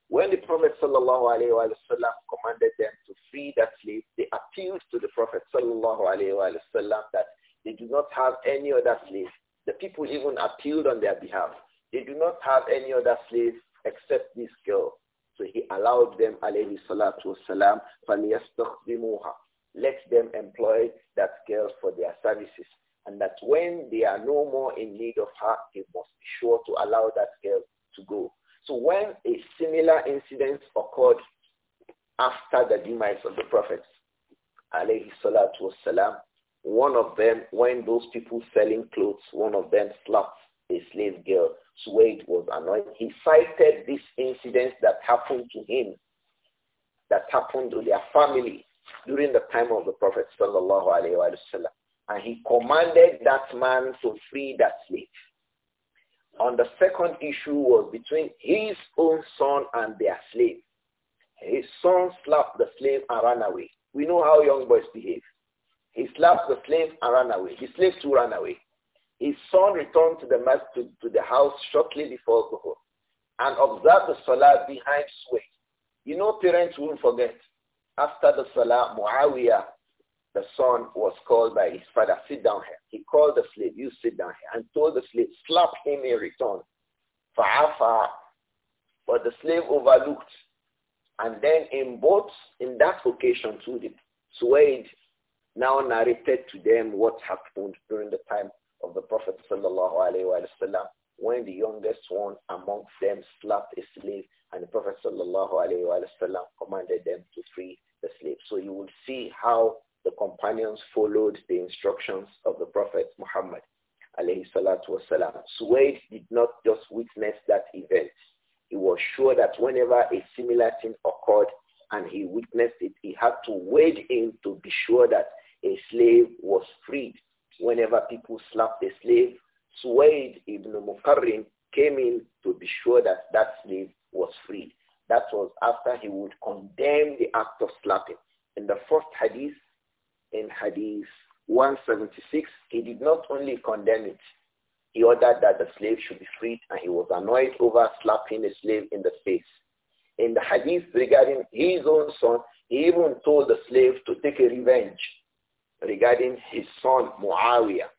When the Prophet sallallahu alayhi wasallam commanded them to free that slave, they appealed to the Prophet sallallahu alayhi wasallam that they do not have any other slave. The people even appealed on their behalf. They do not have any other slave except this girl. So he allowed them, alayhi salatu wasalam, فَلْيَسْتَخْدِمُوهَا Let them employ that girl for their services. And that when they are no more in need of her, they must be sure to allow that girl to go. So when a similar incident occurred after the demise of the prophets, alayhi salatu wasalam, one of them, when those people selling clothes, one of them slapped a slave girl. Suwaid was anointed. He cited this incident that happened to him, that happened to their family during the time of the Prophet sallallahu alaihi wasallam, and he commanded that man to free that slave. On the second issue was between his own son and their slave. His son slapped the slave and ran away. We know how young boys behave. He slapped the slave and ran away. The slave too ran away. His son returned to the to the house shortly before Zuhur and observed the Salah behind Suwayd. You know, parents won't forget. After the Salah, Muawiyah, the son, was called by his father, sit down here. He called the slave, you sit down here, and told the slave, slap him in return. Fa'afa. But the slave overlooked. And then in both, in that occasion too, the Suwaid now narrated to them what happened during the time wasallam when the youngest one amongst them slapped a slave and the Prophet wasallam commanded them to free the slave. So you will see how the companions followed the instructions of the Prophet Muhammad alayhi wasalam. Suwaid did not just witness that event. He was sure that whenever a similar thing occurred and he witnessed it, he had to wade in to be sure that a slave was freed. Whenever people slapped a slave Suwaid ibn Mukarrin came in to be sure that that slave was freed. That was after he would condemn the act of slapping. In the first hadith, in hadith 176, he did not only condemn it, he ordered that the slave should be freed and he was annoyed over slapping a slave in the face. In the hadith regarding his own son, he even told the slave to take a revenge regarding his son Muawiyah.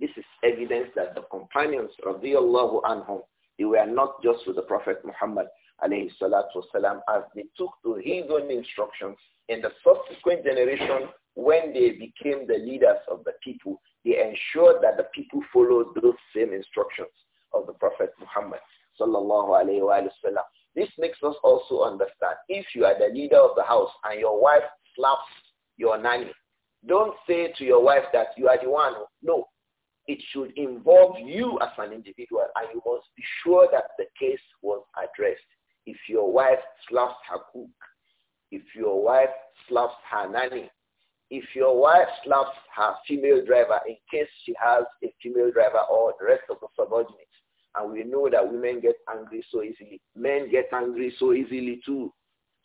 This is evidence that the companions, radiallahu anhum, they were not just with the Prophet Muhammad, alayhi salatu wasalam, as they took to his own instructions in the subsequent generation when they became the leaders of the people, they ensured that the people followed those same instructions of the Prophet Muhammad, sallallahu alayhi wa sallam. This makes us also understand, if you are the leader of the house and your wife slaps your nanny, don't say to your wife that you are the one. No, it should involve you as an individual and you must be sure that the case was addressed. If your wife slaps her cook, if your wife slaps her nanny, if your wife slaps her female driver in case she has a female driver or the rest of the subordinates, and we know that women get angry so easily, men get angry so easily too.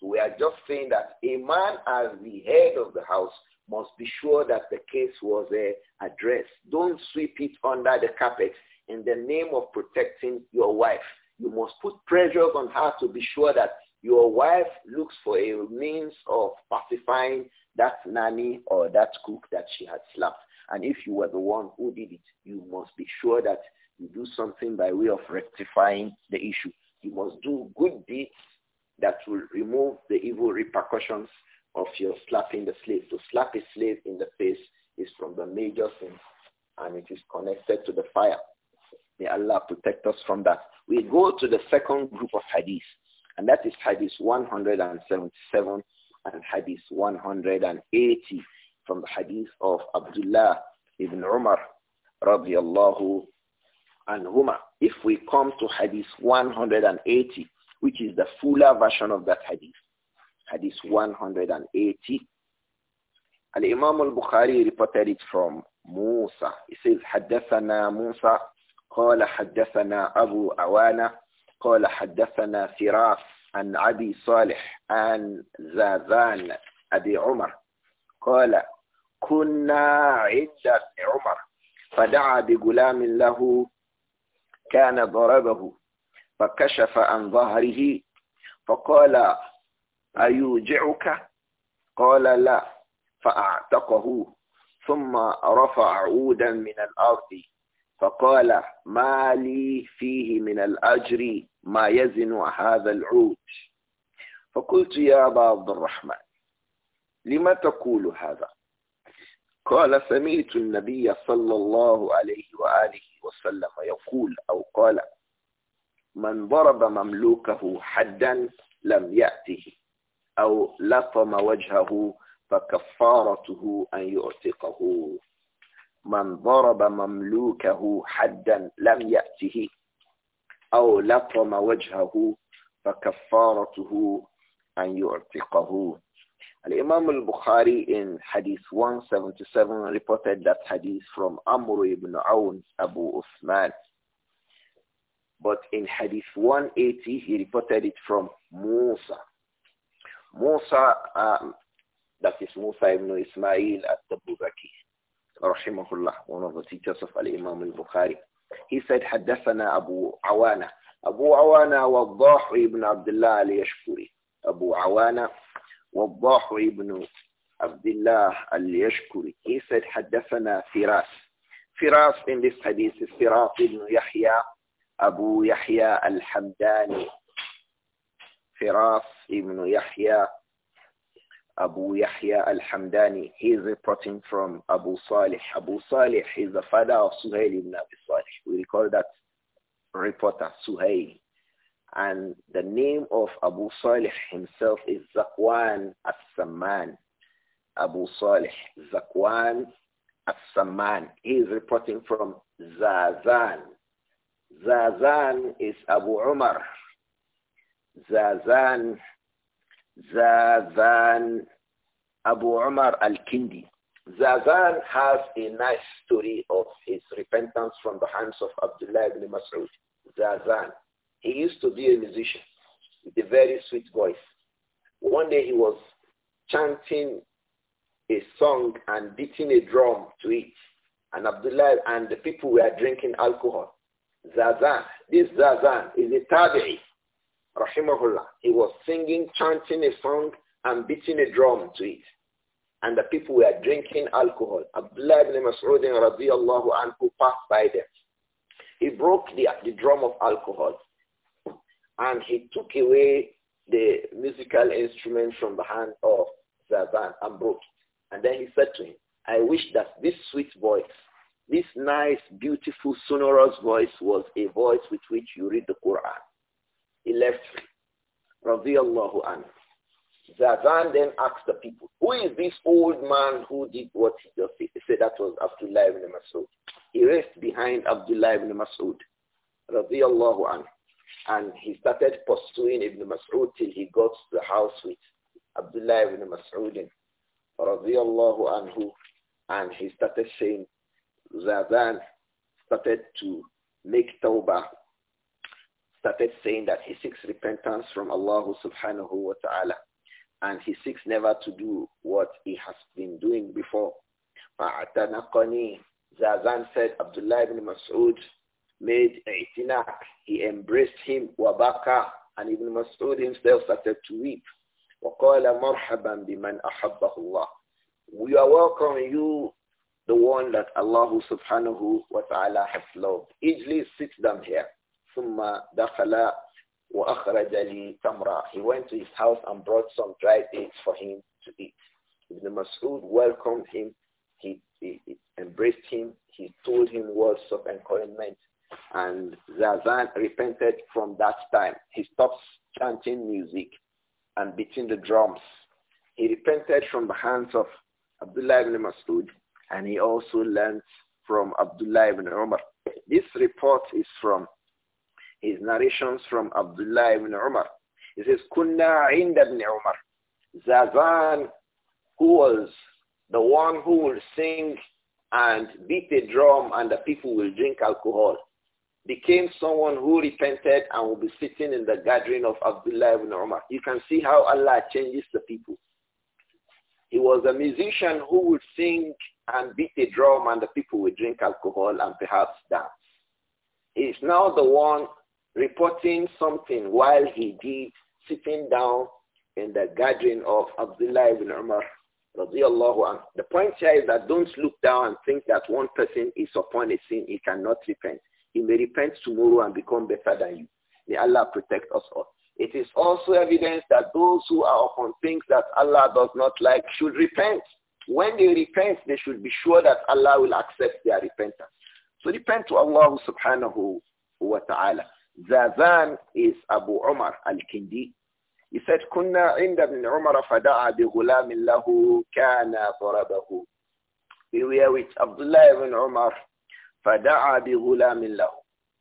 we are just saying that a man as the head of the house must be sure that the case was uh, addressed. Don't sweep it under the carpet in the name of protecting your wife. You must put pressure on her to be sure that your wife looks for a means of pacifying that nanny or that cook that she had slapped. And if you were the one who did it, you must be sure that you do something by way of rectifying the issue. You must do good deeds that will remove the evil repercussions of your slapping the slave. To slap a slave in the face is from the major sins and it is connected to the fire. May Allah protect us from that. We go to the second group of hadith and that is hadith 177 and hadith 180 from the hadith of Abdullah ibn Umar radiallahu anhuma. If we come to hadith 180, which is the fuller version of that hadith, Hadith 180. Al-Imam al-Bukhari reported it from Musa. He says, حدثنا موسى قال حدثنا أبو أوانا قال حدثنا فراس عن أبي صالح عن زاذان أبي عمر قال كنا عند عمر فدعا بغلام له كان ضربه فكشف عن ظهره فقال أيوجعك قال لا فأعتقه ثم رفع عودا من الأرض فقال ما لي فيه من الأجر ما يزن هذا العود فقلت يا أبا عبد الرحمن لما تقول هذا قال سمعت النبي صلى الله عليه وآله وسلم يقول أو قال من ضرب مملوكه حدا لم يأته أو لطم وجهه فكفارته أن يعتقه من ضرب مملوكه حدا لم يأته أو لطم وجهه فكفارته أن يعتقه Al-Imam al-Bukhari in Hadith 177 reported that Hadith from Amr ibn Awn Abu Uthman. But in Hadith 180, he reported it from Musa موسى داكيس آه، موسى ابن إسماعيل التبوذكي رحمه الله ونظرتي تصف الإمام البخاري هي سيد حدثنا أبو عوانة أبو عوانة والضاح ابن عبد الله اليشكري أبو عوانة والضاح ابن عبد الله اليشكري هي سيد حدثنا فراس فراس in this فراس is يحيى أبو يحيى الحمداني Firas ibn Yahya, Abu Yahya al-Hamdani. He is reporting from Abu Salih. Abu Salih is the father of Suhail ibn Abi Salih. We recall that reporter, Suhail. And the name of Abu Salih himself is Zakwan al-Samman. Abu Salih, Zakwan al-Samman. He is reporting from Zazan. Zazan is Abu Umar Zazan, Zazan, Abu Umar al-Kindi. Zazan has a nice story of his repentance from the hands of Abdullah ibn Mas'ud. Zazan. He used to be a musician with a very sweet voice. One day he was chanting a song and beating a drum to it. And Abdullah and the people were drinking alcohol. Zazan. This Zazan is a tabi'i rahimahullah, he was singing, chanting a song, and beating a drum to it. And the people were drinking alcohol. Abdullah ibn Mas'ud radiallahu anhu passed by them. He broke the, the drum of alcohol. And he took away the musical instrument from the hand of Zaban and broke it. And then he said to him, I wish that this sweet voice, this nice, beautiful, sonorous voice was a voice with which you read the Quran. He left radiallahu anhu. Zazan then asked the people, who is this old man who did what he just did? He said that was Abdullah ibn Mas'ud. He raced behind Abdullah ibn Mas'ud, radiallahu anhu. And he started pursuing Ibn Mas'ud till he got to the house with Abdullah ibn Mas'ud, radiallahu anhu. And he started saying, Zazan started to make tawbah started saying that he seeks repentance from Allah subhanahu wa ta'ala. And he seeks never to do what he has been doing before. فَأَعْتَنَقَنِي Zazan said Abdullah ibn Mas'ud made i'tinak. He embraced him, wabaka, and Ibn Mas'ud himself started to weep. وَقَالَ مَرْحَبًا بِمَنْ أَحَبَّهُ اللَّهِ We are welcoming you, the one that Allah subhanahu wa ta'ala has loved. Ijlis, sit down here. ثم دخل وأخرج لي تمرة. He went to his house and brought some dried dates for him to eat. Ibn Mas'ud welcomed him. He, he, he embraced him. He told him words of encouragement. And Zazan repented from that time. He stopped chanting music and beating the drums. He repented from the hands of Abdullah ibn Mas'ud and he also learned from Abdullah ibn Umar. This report is from his narrations from Abdullah ibn Umar. He says, Kunna inda ibn Umar. Zazan, who was the one who will sing and beat a drum and the people will drink alcohol, became someone who repented and will be sitting in the gathering of Abdullah ibn Umar. You can see how Allah changes the people. He was a musician who would sing and beat a drum and the people would drink alcohol and perhaps dance. He is now the one reporting something while he did sitting down in the gathering of Abdullah ibn Umar The point here is that don't look down and think that one person is upon a sin, he cannot repent. He may repent tomorrow and become better than you. May Allah protect us all. It is also evidence that those who are upon things that Allah does not like should repent. When they repent, they should be sure that Allah will accept their repentance. So repent to Allah subhanahu wa ta'ala. Zazan is Abu Umar al-Kindi. He said, كنا عند ابن عمر فدعا بغلام له كان ضربه. We were with Abdullah ibn Umar. فدعا بغلام له.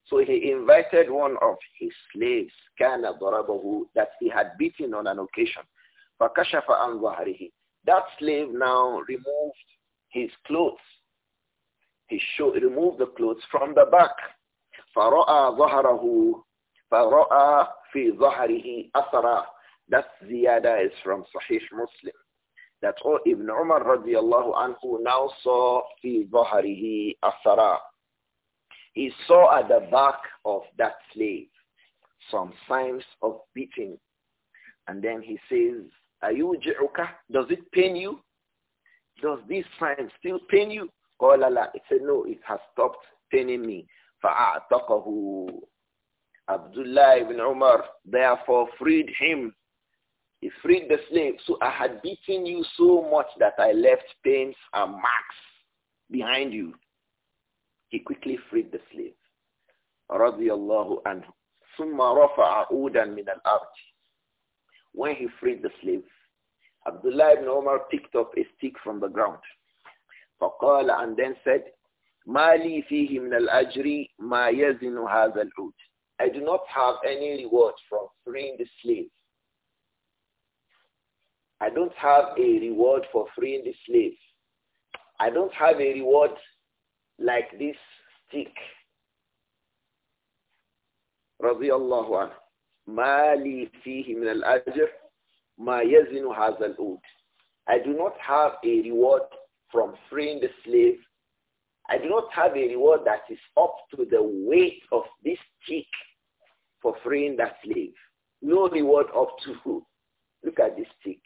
So he invited one of his slaves, kana ضربه, that he had beaten on an occasion. فكشف عن ظهره. That slave now removed his clothes. He showed, removed the clothes from the back. فَرَأَى ظَهَرَهُ فَرَأَى فِي ظَهَرِهِ أَثَرًا That ziyada is from Sahih Muslim. That oh, Ibn Umar radiallahu anhu now saw فِي ظَهَرِهِ أَثَرًا He saw at the back of that slave some signs of beating. And then he says, Ayuji'uka, does it pain you? Does this sign still pain you? Allah, he said, no, it has stopped paining me. فَأَعْتَقَهُ Abdullah ibn Umar therefore freed him. He freed the slave. So I had beaten you so much that I left pains and marks behind you. He quickly freed the slave. الله عنه. ثم رفع عودا من الأرض. When he freed the slave, Abdullah ibn Umar picked up a stick from the ground. فقال and then said, ما لي فيه من الأجر ما يزن هذا العود. I do not have any reward from freeing the slaves. I don't have a reward for freeing the slaves. I don't have a reward like this stick. رضي الله عنه ما لي فيه من الأجر ما يزن هذا العود. I do not have a reward from freeing the slave I do not have a reward that is up to the weight of this stick for freeing that slave. No reward up to who? Look at this stick.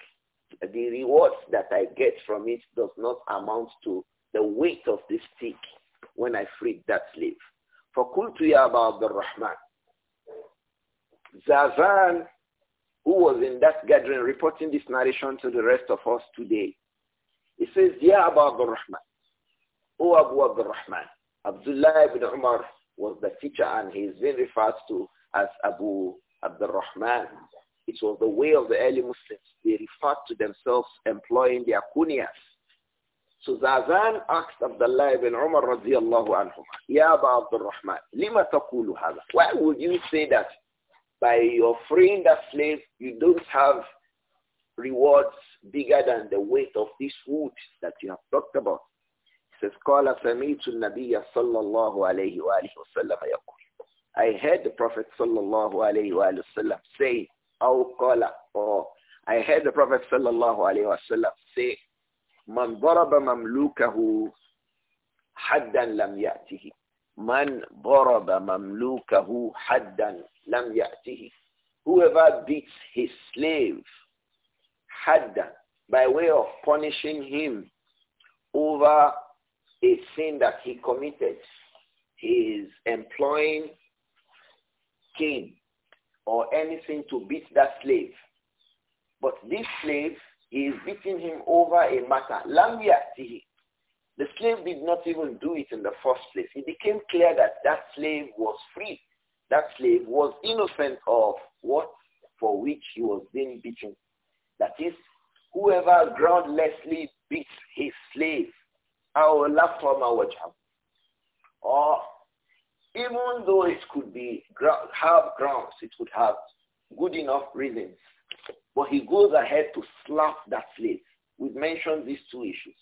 The rewards that I get from it does not amount to the weight of the stick when I freed that slave. فَقُلْتُ يَا about the rahman Zavan, who was in that gathering reporting this narration to the rest of us today, he says, يَا أَبَا rahman O Abu rahman Abdullah ibn Umar was the teacher and he has been referred to as Abu al-Rahman. It was the way of the early Muslims. They referred to themselves employing their kunyas. So Zazan asked Abdullah ibn Umar radiallahu anhu, Ya Abu Abdurrahman, lima taqulu hadha? Why would you say that by your freeing that slave, you don't have rewards bigger than the weight of this wood that you have talked about? says, I heard the Prophet sallallahu alayhi wa sallam say, أو قال or I heard the Prophet sallallahu alayhi wa sallam say, من ضرب مملوكه حدا لم يأته من ضرب مملوكه حدا لم يأته Whoever beats his slave حدا by way of punishing him over a sin that he committed. He is employing cane or anything to beat that slave. But this slave is beating him over a matter. Lambiatihi. The slave did not even do it in the first place. It became clear that that slave was free. That slave was innocent of what for which he was being beaten. That is, whoever groundlessly beats his slave أو لطم وجهه or even though it could be have grounds, it could have good enough reasons, but he goes ahead to slap that slave. We've mentioned these two issues.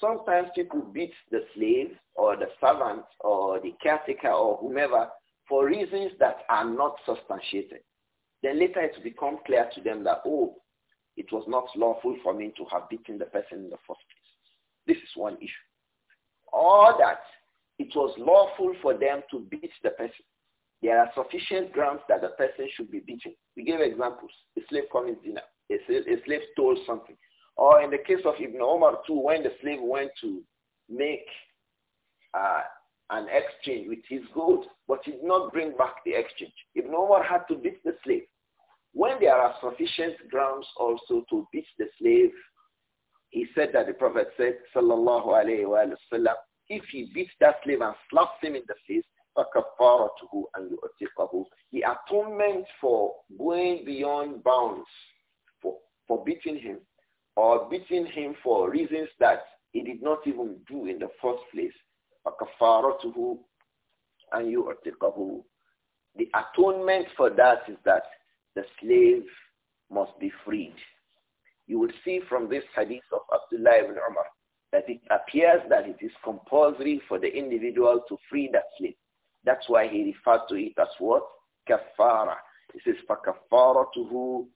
Sometimes people beat the slave or the servant or the caretaker or whomever for reasons that are not substantiated. Then later it becomes clear to them that, oh, it was not lawful for me to have beaten the person in the first place. This is one issue. All that it was lawful for them to beat the person. There are sufficient grounds that the person should be beaten. We gave examples. A slave commits dinner. A slave, a slave stole something. Or in the case of Ibn Omar too, when the slave went to make uh, an exchange with his gold, but he did not bring back the exchange. Ibn Omar had to beat the slave. When there are sufficient grounds also to beat the slave, he said that the Prophet said, sallallahu alayhi wa sallam, if he beats that slave and slaps him in the face, فَكَفَّارَتُهُ أَنْ يُؤْتِقَهُ The atonement for going beyond bounds, for, for beating him, or beating him for reasons that he did not even do in the first place, فَكَفَّارَتُهُ أَنْ يُؤْتِقَهُ The atonement for that is that the slave must be freed you will see from this hadith of Abdullah ibn Umar that it appears that it is compulsory for the individual to free that slave. That's why he referred to it as what? Kafara. He says, فَكَفَّارَتُهُ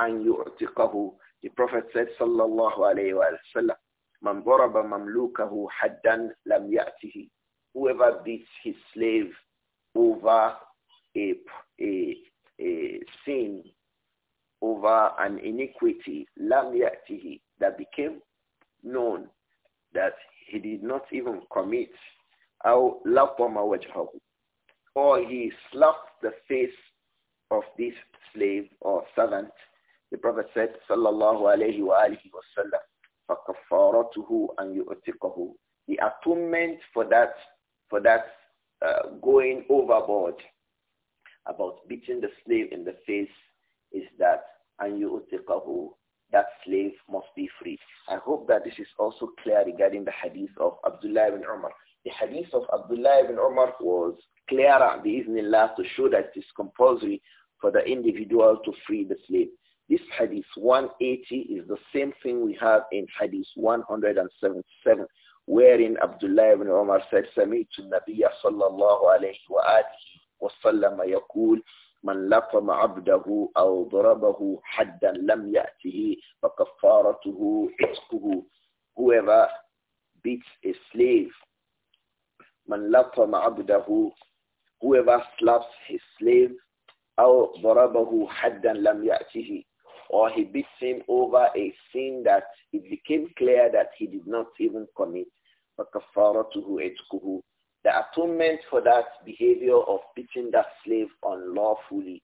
أَنْ يُعْتِقَهُ The Prophet said, sallallahu alayhi wa sallam, مَنْ ضَرَبَ مَمْلُوكَهُ حَدًّا لَمْ يَأْتِهِ Whoever beats his slave over a, a, a sin over an iniquity, lam ya'tihi, that became known that he did not even commit, aw laqama wajhahu, or he slapped the face of this slave or servant. The Prophet said, sallallahu alayhi wa alihi wa sallam, فَكَفَّارَتُهُ أَنْ يُؤْتِقَهُ The atonement for that, for that uh, going overboard about beating the slave in the face is that and you that slave must be free. I hope that this is also clear regarding the hadith of Abdullah ibn Umar. The hadith of Abdullah ibn Umar was clearer, Allah to show that it is compulsory for the individual to free the slave. This hadith 180 is the same thing we have in hadith 177, wherein Abdullah ibn Umar said, سَمِيتُ النَّبِيَّ صَلَّى اللَّهُ عَلَيْهِ وَآلِهِ وَسَلَّمَ يَقُولُ من لطم عبده أو ضربه حدا لم يأته فكفارته عتقه whoever beats a slave من لطم عبده whoever slaps his slave أو ضربه حدا لم يأته or he beats him over a sin that it became clear that he did not even commit فكفارته عتقه the atonement for that behavior of beating that slave unlawfully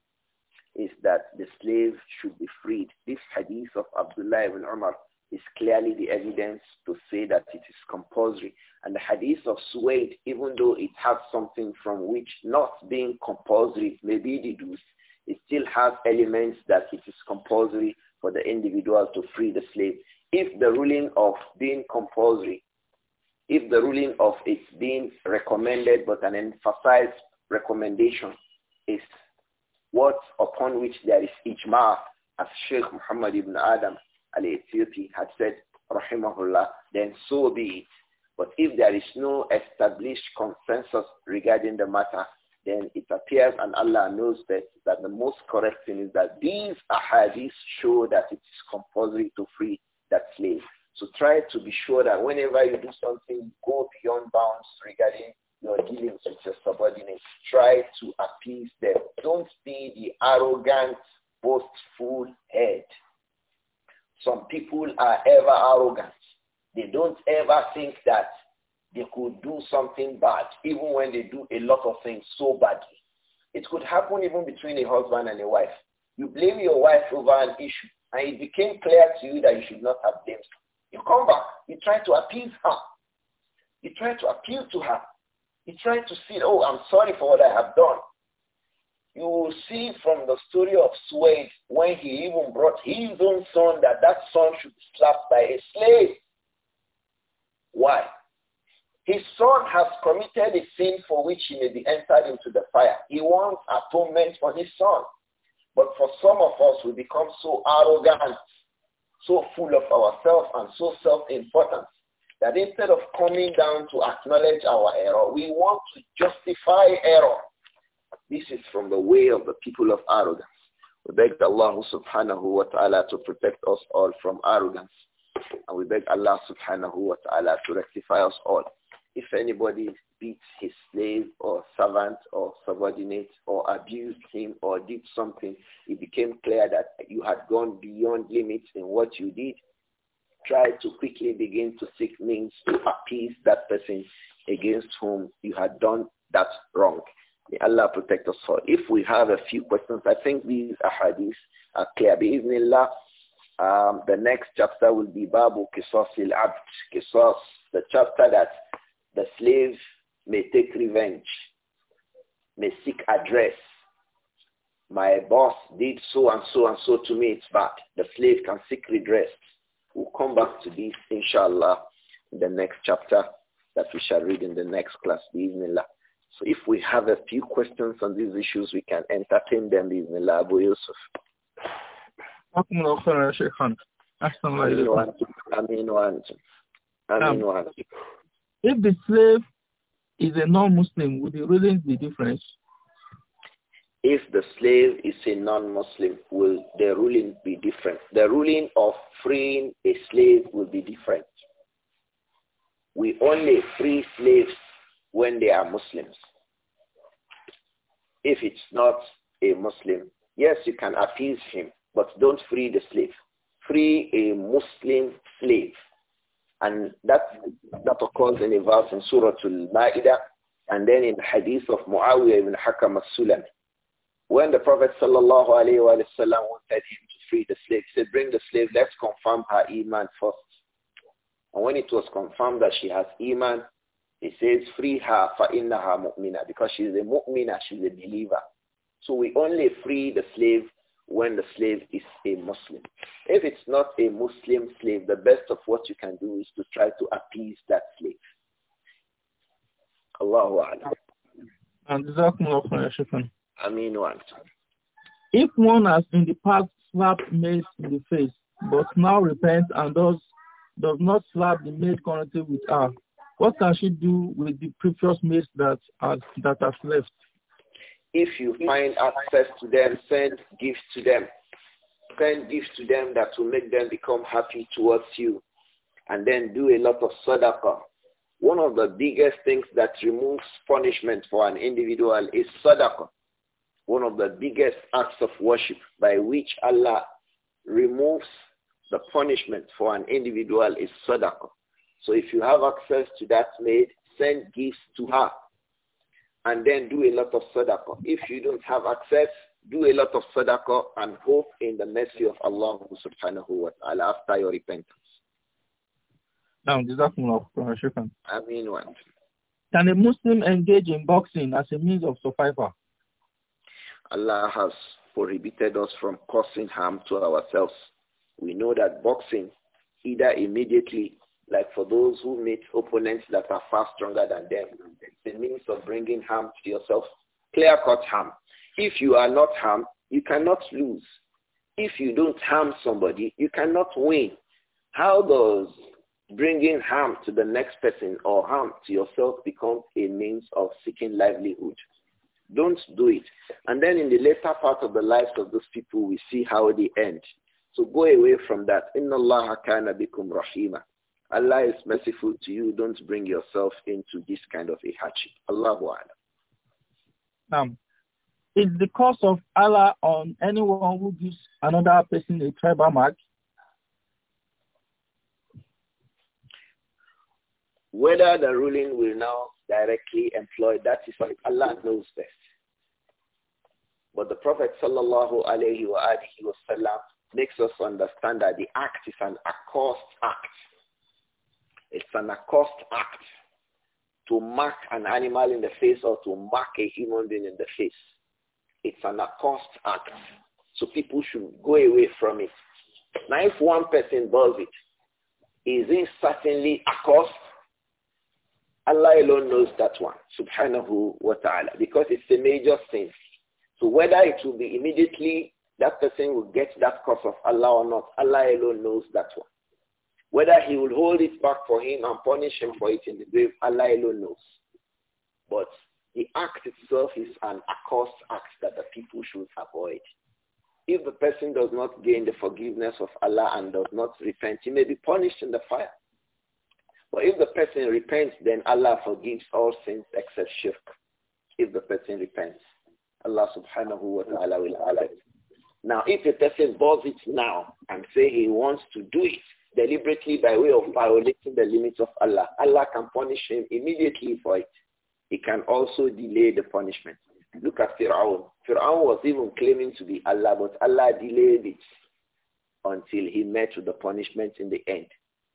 is that the slave should be freed. This hadith of Abdullah ibn Umar is clearly the evidence to say that it is compulsory. And the hadith of Suwaid, even though it has something from which not being compulsory may be deduced, it still has elements that it is compulsory for the individual to free the slave. If the ruling of being compulsory if the ruling of it's being recommended but an emphasized recommendation is what upon which there is ijma, as Sheikh Muhammad ibn Adam al-Ethiopi had said, rahimahullah, then so be it. But if there is no established consensus regarding the matter, then it appears, and Allah knows best, that the most correct thing is that these ahadith show that it is compulsory to free that slave. So try to be sure that whenever you do something, go beyond bounds regarding your dealings with your subordinates. Try to appease them. Don't be the arrogant, boastful head. Some people are ever arrogant. They don't ever think that they could do something bad, even when they do a lot of things so badly. It could happen even between a husband and a wife. You blame your wife over an issue, and it became clear to you that you should not have blamed her you come back. You try to appease her. You try to appeal to her. You try to see, oh, I'm sorry for what I have done. You will see from the story of Suede when he even brought his own son that that son should be slapped by a slave. Why? His son has committed a sin for which he may be entered into the fire. He wants atonement for his son. But for some of us, we become so arrogant so full of ourselves and so self important that instead of coming down to acknowledge our error, we want to justify error. This is from the way of the people of arrogance. We beg Allah subhanahu wa ta'ala to protect us all from arrogance. And we beg Allah subhanahu wa ta'ala to rectify us all if anybody beats his slave or servant or subordinate or abused him or did something, it became clear that you had gone beyond limits in what you did, try to quickly begin to seek means to appease that person against whom you had done that wrong. May Allah protect us all. If we have a few questions, I think these ahadiths are clear. Bismillah. Um, the next chapter will be Babu Kisas al-Abd. Kisas, the chapter that the slave may take revenge, may seek address. My boss did so and so and so to me, it's bad. The slave can seek redress. We'll come back to this, inshallah, in the next chapter that we shall read in the next class, bismillah. So if we have a few questions on these issues, we can entertain them, bismillah, Abu Yusuf. Amin wa antum. Amin wa antum. Amin wa antum. If the slave is a non-Muslim, would the ruling be different? If the slave is a non-Muslim, will the ruling be different? The ruling of freeing a slave will be different. We only free slaves when they are Muslims. If it's not a Muslim, yes, you can appease him, but don't free the slave. Free a Muslim slave and that, that occurs in a verse in Surah Al-Ma'idah and then in hadith of Muawiyah ibn Hakam al-Sulami. When the Prophet sallallahu alayhi wa sallam wanted him to free the slave, he said, bring the slave, let's confirm her Iman first. And when it was confirmed that she has Iman, he says, free her فَإِنَّهَا mu'mina Because she's a mu'mina, she's a believer. So we only free the slave when the slave is a Muslim. If it's not a Muslim slave, the best of what you can do is to try to appease that slave. Allahu Akbar. If one has in the past slapped maids in the face, but now repents and does, does not slap the maid currently with her, what can she do with the previous maids that has, that has left? If you find access to them, send gifts to them. Send gifts to them that will make them become happy towards you. And then do a lot of sadaqah. One of the biggest things that removes punishment for an individual is sadaqah. One of the biggest acts of worship by which Allah removes the punishment for an individual is sadaqah. So if you have access to that maid, send gifts to her and then do a lot of sadaqah. If you don't have access, do a lot of sadaqah and hope in the mercy of Allah subhanahu wa ta'ala after your repentance. Now, I mean what? Can a Muslim engage in boxing as a means of survival? Allah has prohibited us from causing harm to ourselves. We know that boxing, either immediately like for those who meet opponents that are far stronger than them, it's a means of bringing harm to yourself, clear-cut harm. If you are not harmed, you cannot lose. If you don't harm somebody, you cannot win. How does bringing harm to the next person or harm to yourself become a means of seeking livelihood? Don't do it. And then in the later part of the lives of those people, we see how they end. So go away from that. Inna Allah kana bikum rahima. Allah is merciful to you. Don't bring yourself into this kind of a hardship. Allah Alam. Um, is the cause of Allah on anyone who gives another person a tribal mark? Whether the ruling will now directly employ that is what Allah knows best. But the Prophet sallallahu alaihi wasallam makes us understand that the act is an accursed act it's an accost act to mark an animal in the face or to mark a human being in the face. It's an accost act. So people should go away from it. Now if one person does it, is it certainly accost? Allah alone knows that one, subhanahu wa ta'ala, because it's a major sin. So whether it will be immediately that person will get that curse of Allah or not, Allah alone knows that one. Whether he will hold it back for him and punish him for it in the grave, Allah alone knows. But the act itself is an accursed act that the people should avoid. If the person does not gain the forgiveness of Allah and does not repent, he may be punished in the fire. But if the person repents, then Allah forgives all sins except shirk. If the person repents, Allah subhanahu wa ta'ala will allow it. Now, if a person does it now and say he wants to do it, deliberately by way of violating the limits of Allah. Allah can punish him immediately for it. He can also delay the punishment. Look at Fir'aun. Fir'aun was even claiming to be Allah, but Allah delayed it until he met with the punishment in the end.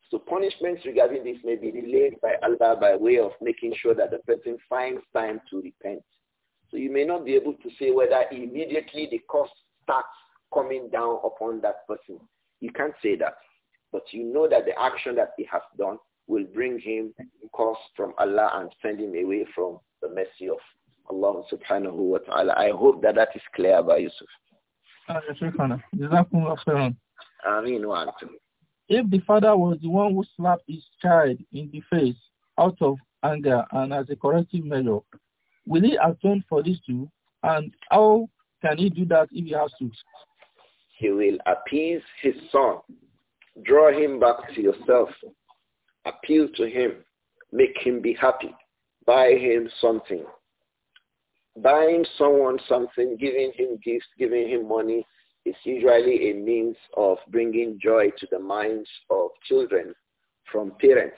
So punishments regarding this may be delayed by Allah by way of making sure that the person finds time to repent. So you may not be able to say whether immediately the cost starts coming down upon that person. You can't say that. But you know that the action that he has done will bring him cause from Allah and send him away from the mercy of Allah subhanahu wa ta'ala. I hope that that is clear by Yusuf. Ah, if the father was the one who slapped his child in the face out of anger and as a corrective measure, will he atone for this too? And how can he do that if he has to? He will appease his son Draw him back to yourself. Appeal to him. Make him be happy. Buy him something. Buying someone something, giving him gifts, giving him money is usually a means of bringing joy to the minds of children from parents.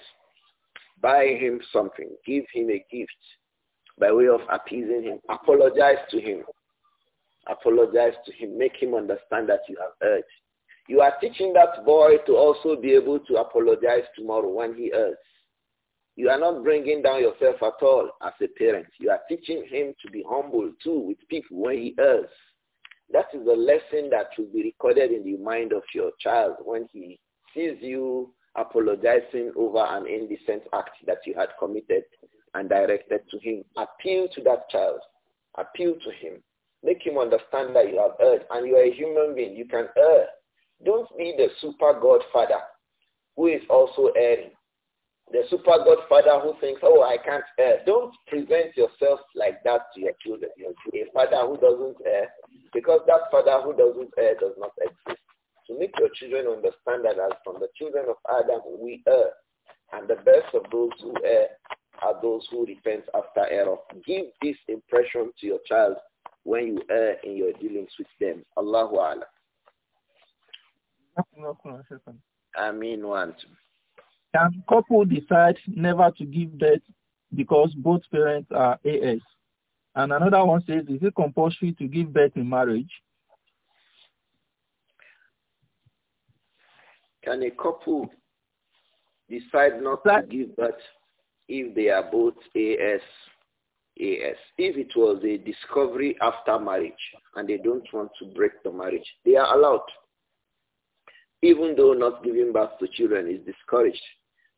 Buy him something. Give him a gift by way of appeasing him. Apologize to him. Apologize to him. Make him understand that you have urged you are teaching that boy to also be able to apologize tomorrow when he errs. You are not bringing down yourself at all as a parent. You are teaching him to be humble too with people when he errs. That is a lesson that will be recorded in the mind of your child when he sees you apologizing over an indecent act that you had committed and directed to him. Appeal to that child. Appeal to him. Make him understand that you have erred and you are a human being. You can err. Don't be the super godfather who is also erring. The super godfather who thinks, oh, I can't err. Don't present yourself like that to your children. A father who doesn't err, because that father who doesn't err does not exist. To make your children understand that as from the children of Adam, we err. And the best of those who err are those who repent after error. Give this impression to your child when you err in your dealings with them. Allahu Alam. I mean one Can couple decide never to give birth because both parents are AS? And another one says, is it compulsory to give birth in marriage? Can a couple decide not that, to give birth if they are both AS? AS. If it was a discovery after marriage and they don't want to break the marriage, they are allowed even though not giving birth to children is discouraged.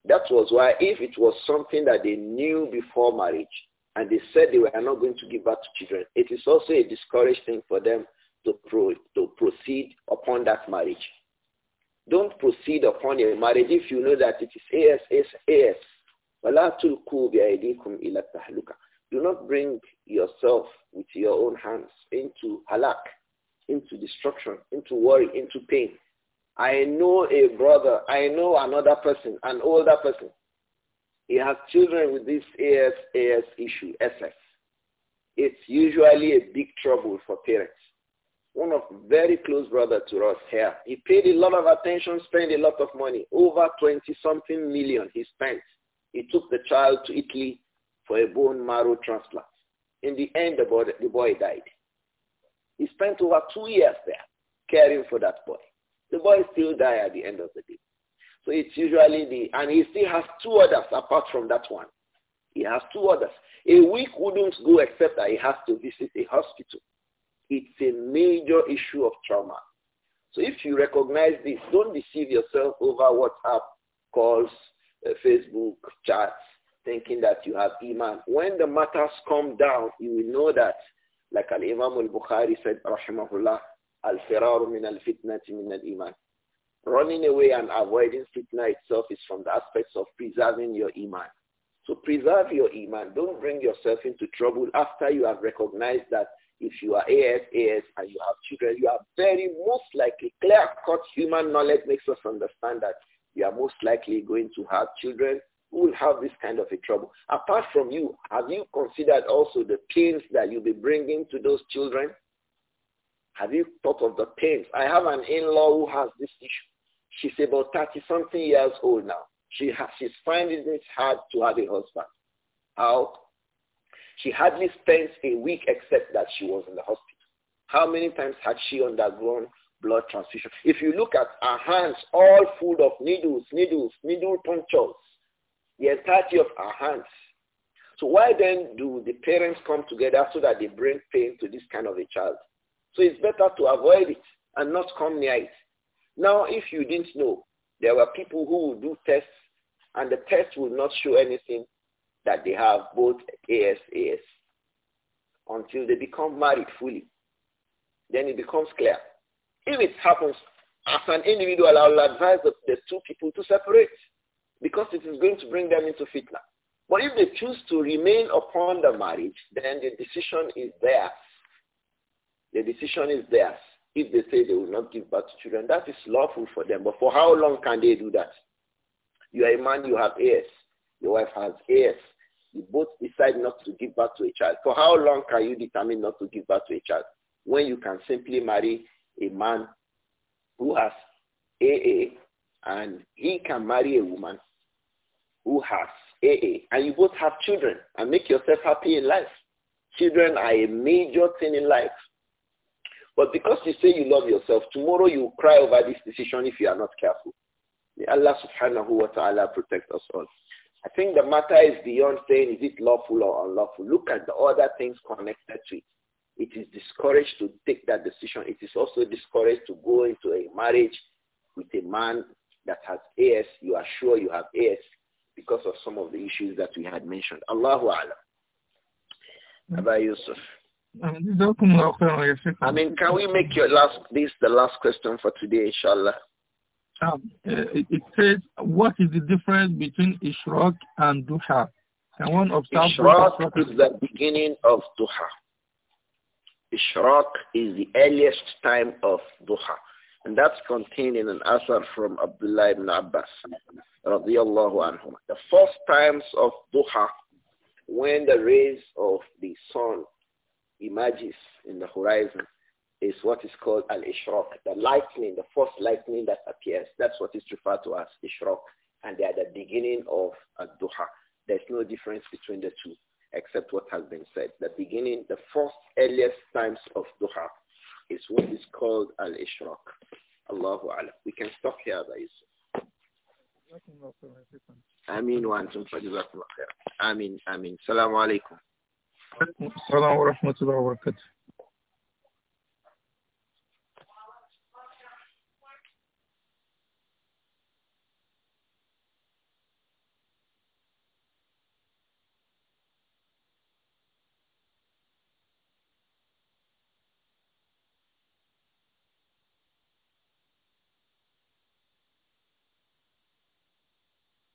That was why if it was something that they knew before marriage and they said they were not going to give birth to children, it is also a discouraged thing for them to, pro to proceed upon that marriage. Don't proceed upon a marriage if you know that it is AS, AS, AS. Do not bring yourself with your own hands into halak, into destruction, into worry, into pain. I know a brother, I know another person, an older person. He has children with this AS, AS issue, SS. It's usually a big trouble for parents. One of very close brother to us here, he paid a lot of attention, spent a lot of money, over 20 something million he spent. He took the child to Italy for a bone marrow transplant. In the end, the boy, the boy died. He spent over two years there caring for that boy. The boy still die at the end of the day. So it's usually the, and he still has two others apart from that one. He has two others. A week wouldn't go except that he has to visit a hospital. It's a major issue of trauma. So if you recognize this, don't deceive yourself over WhatsApp calls, uh, Facebook chats, thinking that you have iman. When the matters come down, you will know that, like Al-Imam al-Bukhari said, rahimahullah, Al-firar min al min al-iman. Running away and avoiding fitna itself is from the aspects of preserving your iman. So preserve your iman. Don't bring yourself into trouble after you have recognized that if you are AS, AS, and you have children, you are very most likely, clear-cut human knowledge makes us understand that you are most likely going to have children who will have this kind of a trouble. Apart from you, have you considered also the pains that you'll be bringing to those children? Have you thought of the pains? I have an in-law who has this issue. She's about 30 something years old now. She has, she's finding it hard to have a husband. How? She hardly spends a week except that she was in the hospital. How many times had she undergone blood transfusion? If you look at her hands, all full of needles, needles, needle punctures, the entirety of her hands. So why then do the parents come together so that they bring pain to this kind of a child? So it's better to avoid it and not come near it. Now, if you didn't know, there were people who would do tests and the test would not show anything that they have both AS, AS until they become married fully. Then it becomes clear. If it happens as an individual, I will advise the, the two people to separate because it is going to bring them into fitna. But if they choose to remain upon the marriage, then the decision is theirs. The decision is theirs. If they say they will not give birth to children, that is lawful for them. But for how long can they do that? You are a man, you have heirs. Your wife has heirs. You both decide not to give birth to a child. For how long can you determine not to give birth to a child? When you can simply marry a man who has AA and he can marry a woman who has AA and you both have children and make yourself happy in life. Children are a major thing in life. But because you say you love yourself, tomorrow you cry over this decision if you are not careful. May Allah subhanahu wa ta'ala protect us all. I think the matter is beyond saying is it lawful or unlawful. Look at the other things connected to it. It is discouraged to take that decision. It is also discouraged to go into a marriage with a man that has AS. You are sure you have AS because of some of the issues that we had mentioned. Allahu Alam. Abba Yusuf. I mean, can we make your last this the last question for today, inshallah? Um, uh, it, it says, what is the difference between Ishraq and Duha? Can one observe Ishraq is the beginning of Duha. Ishraq is the earliest time of Duha. And that's contained in an asar from Abdullah ibn Abbas, anhu. The first times of Duha, when the rays of the sun emerges in the horizon is what is called al-ishraq, the lightning, the first lightning that appears. That's what is referred to as ishraq, and they are the beginning of al-duha. There's no difference between the two, except what has been said. The beginning, the first earliest times of duha is what is called al-ishraq. Allahu Alam. We can stop here, guys. I mean, one, two, three, four, five. I mean. Salaam alaikum. السلام ورحمة الله وبركاته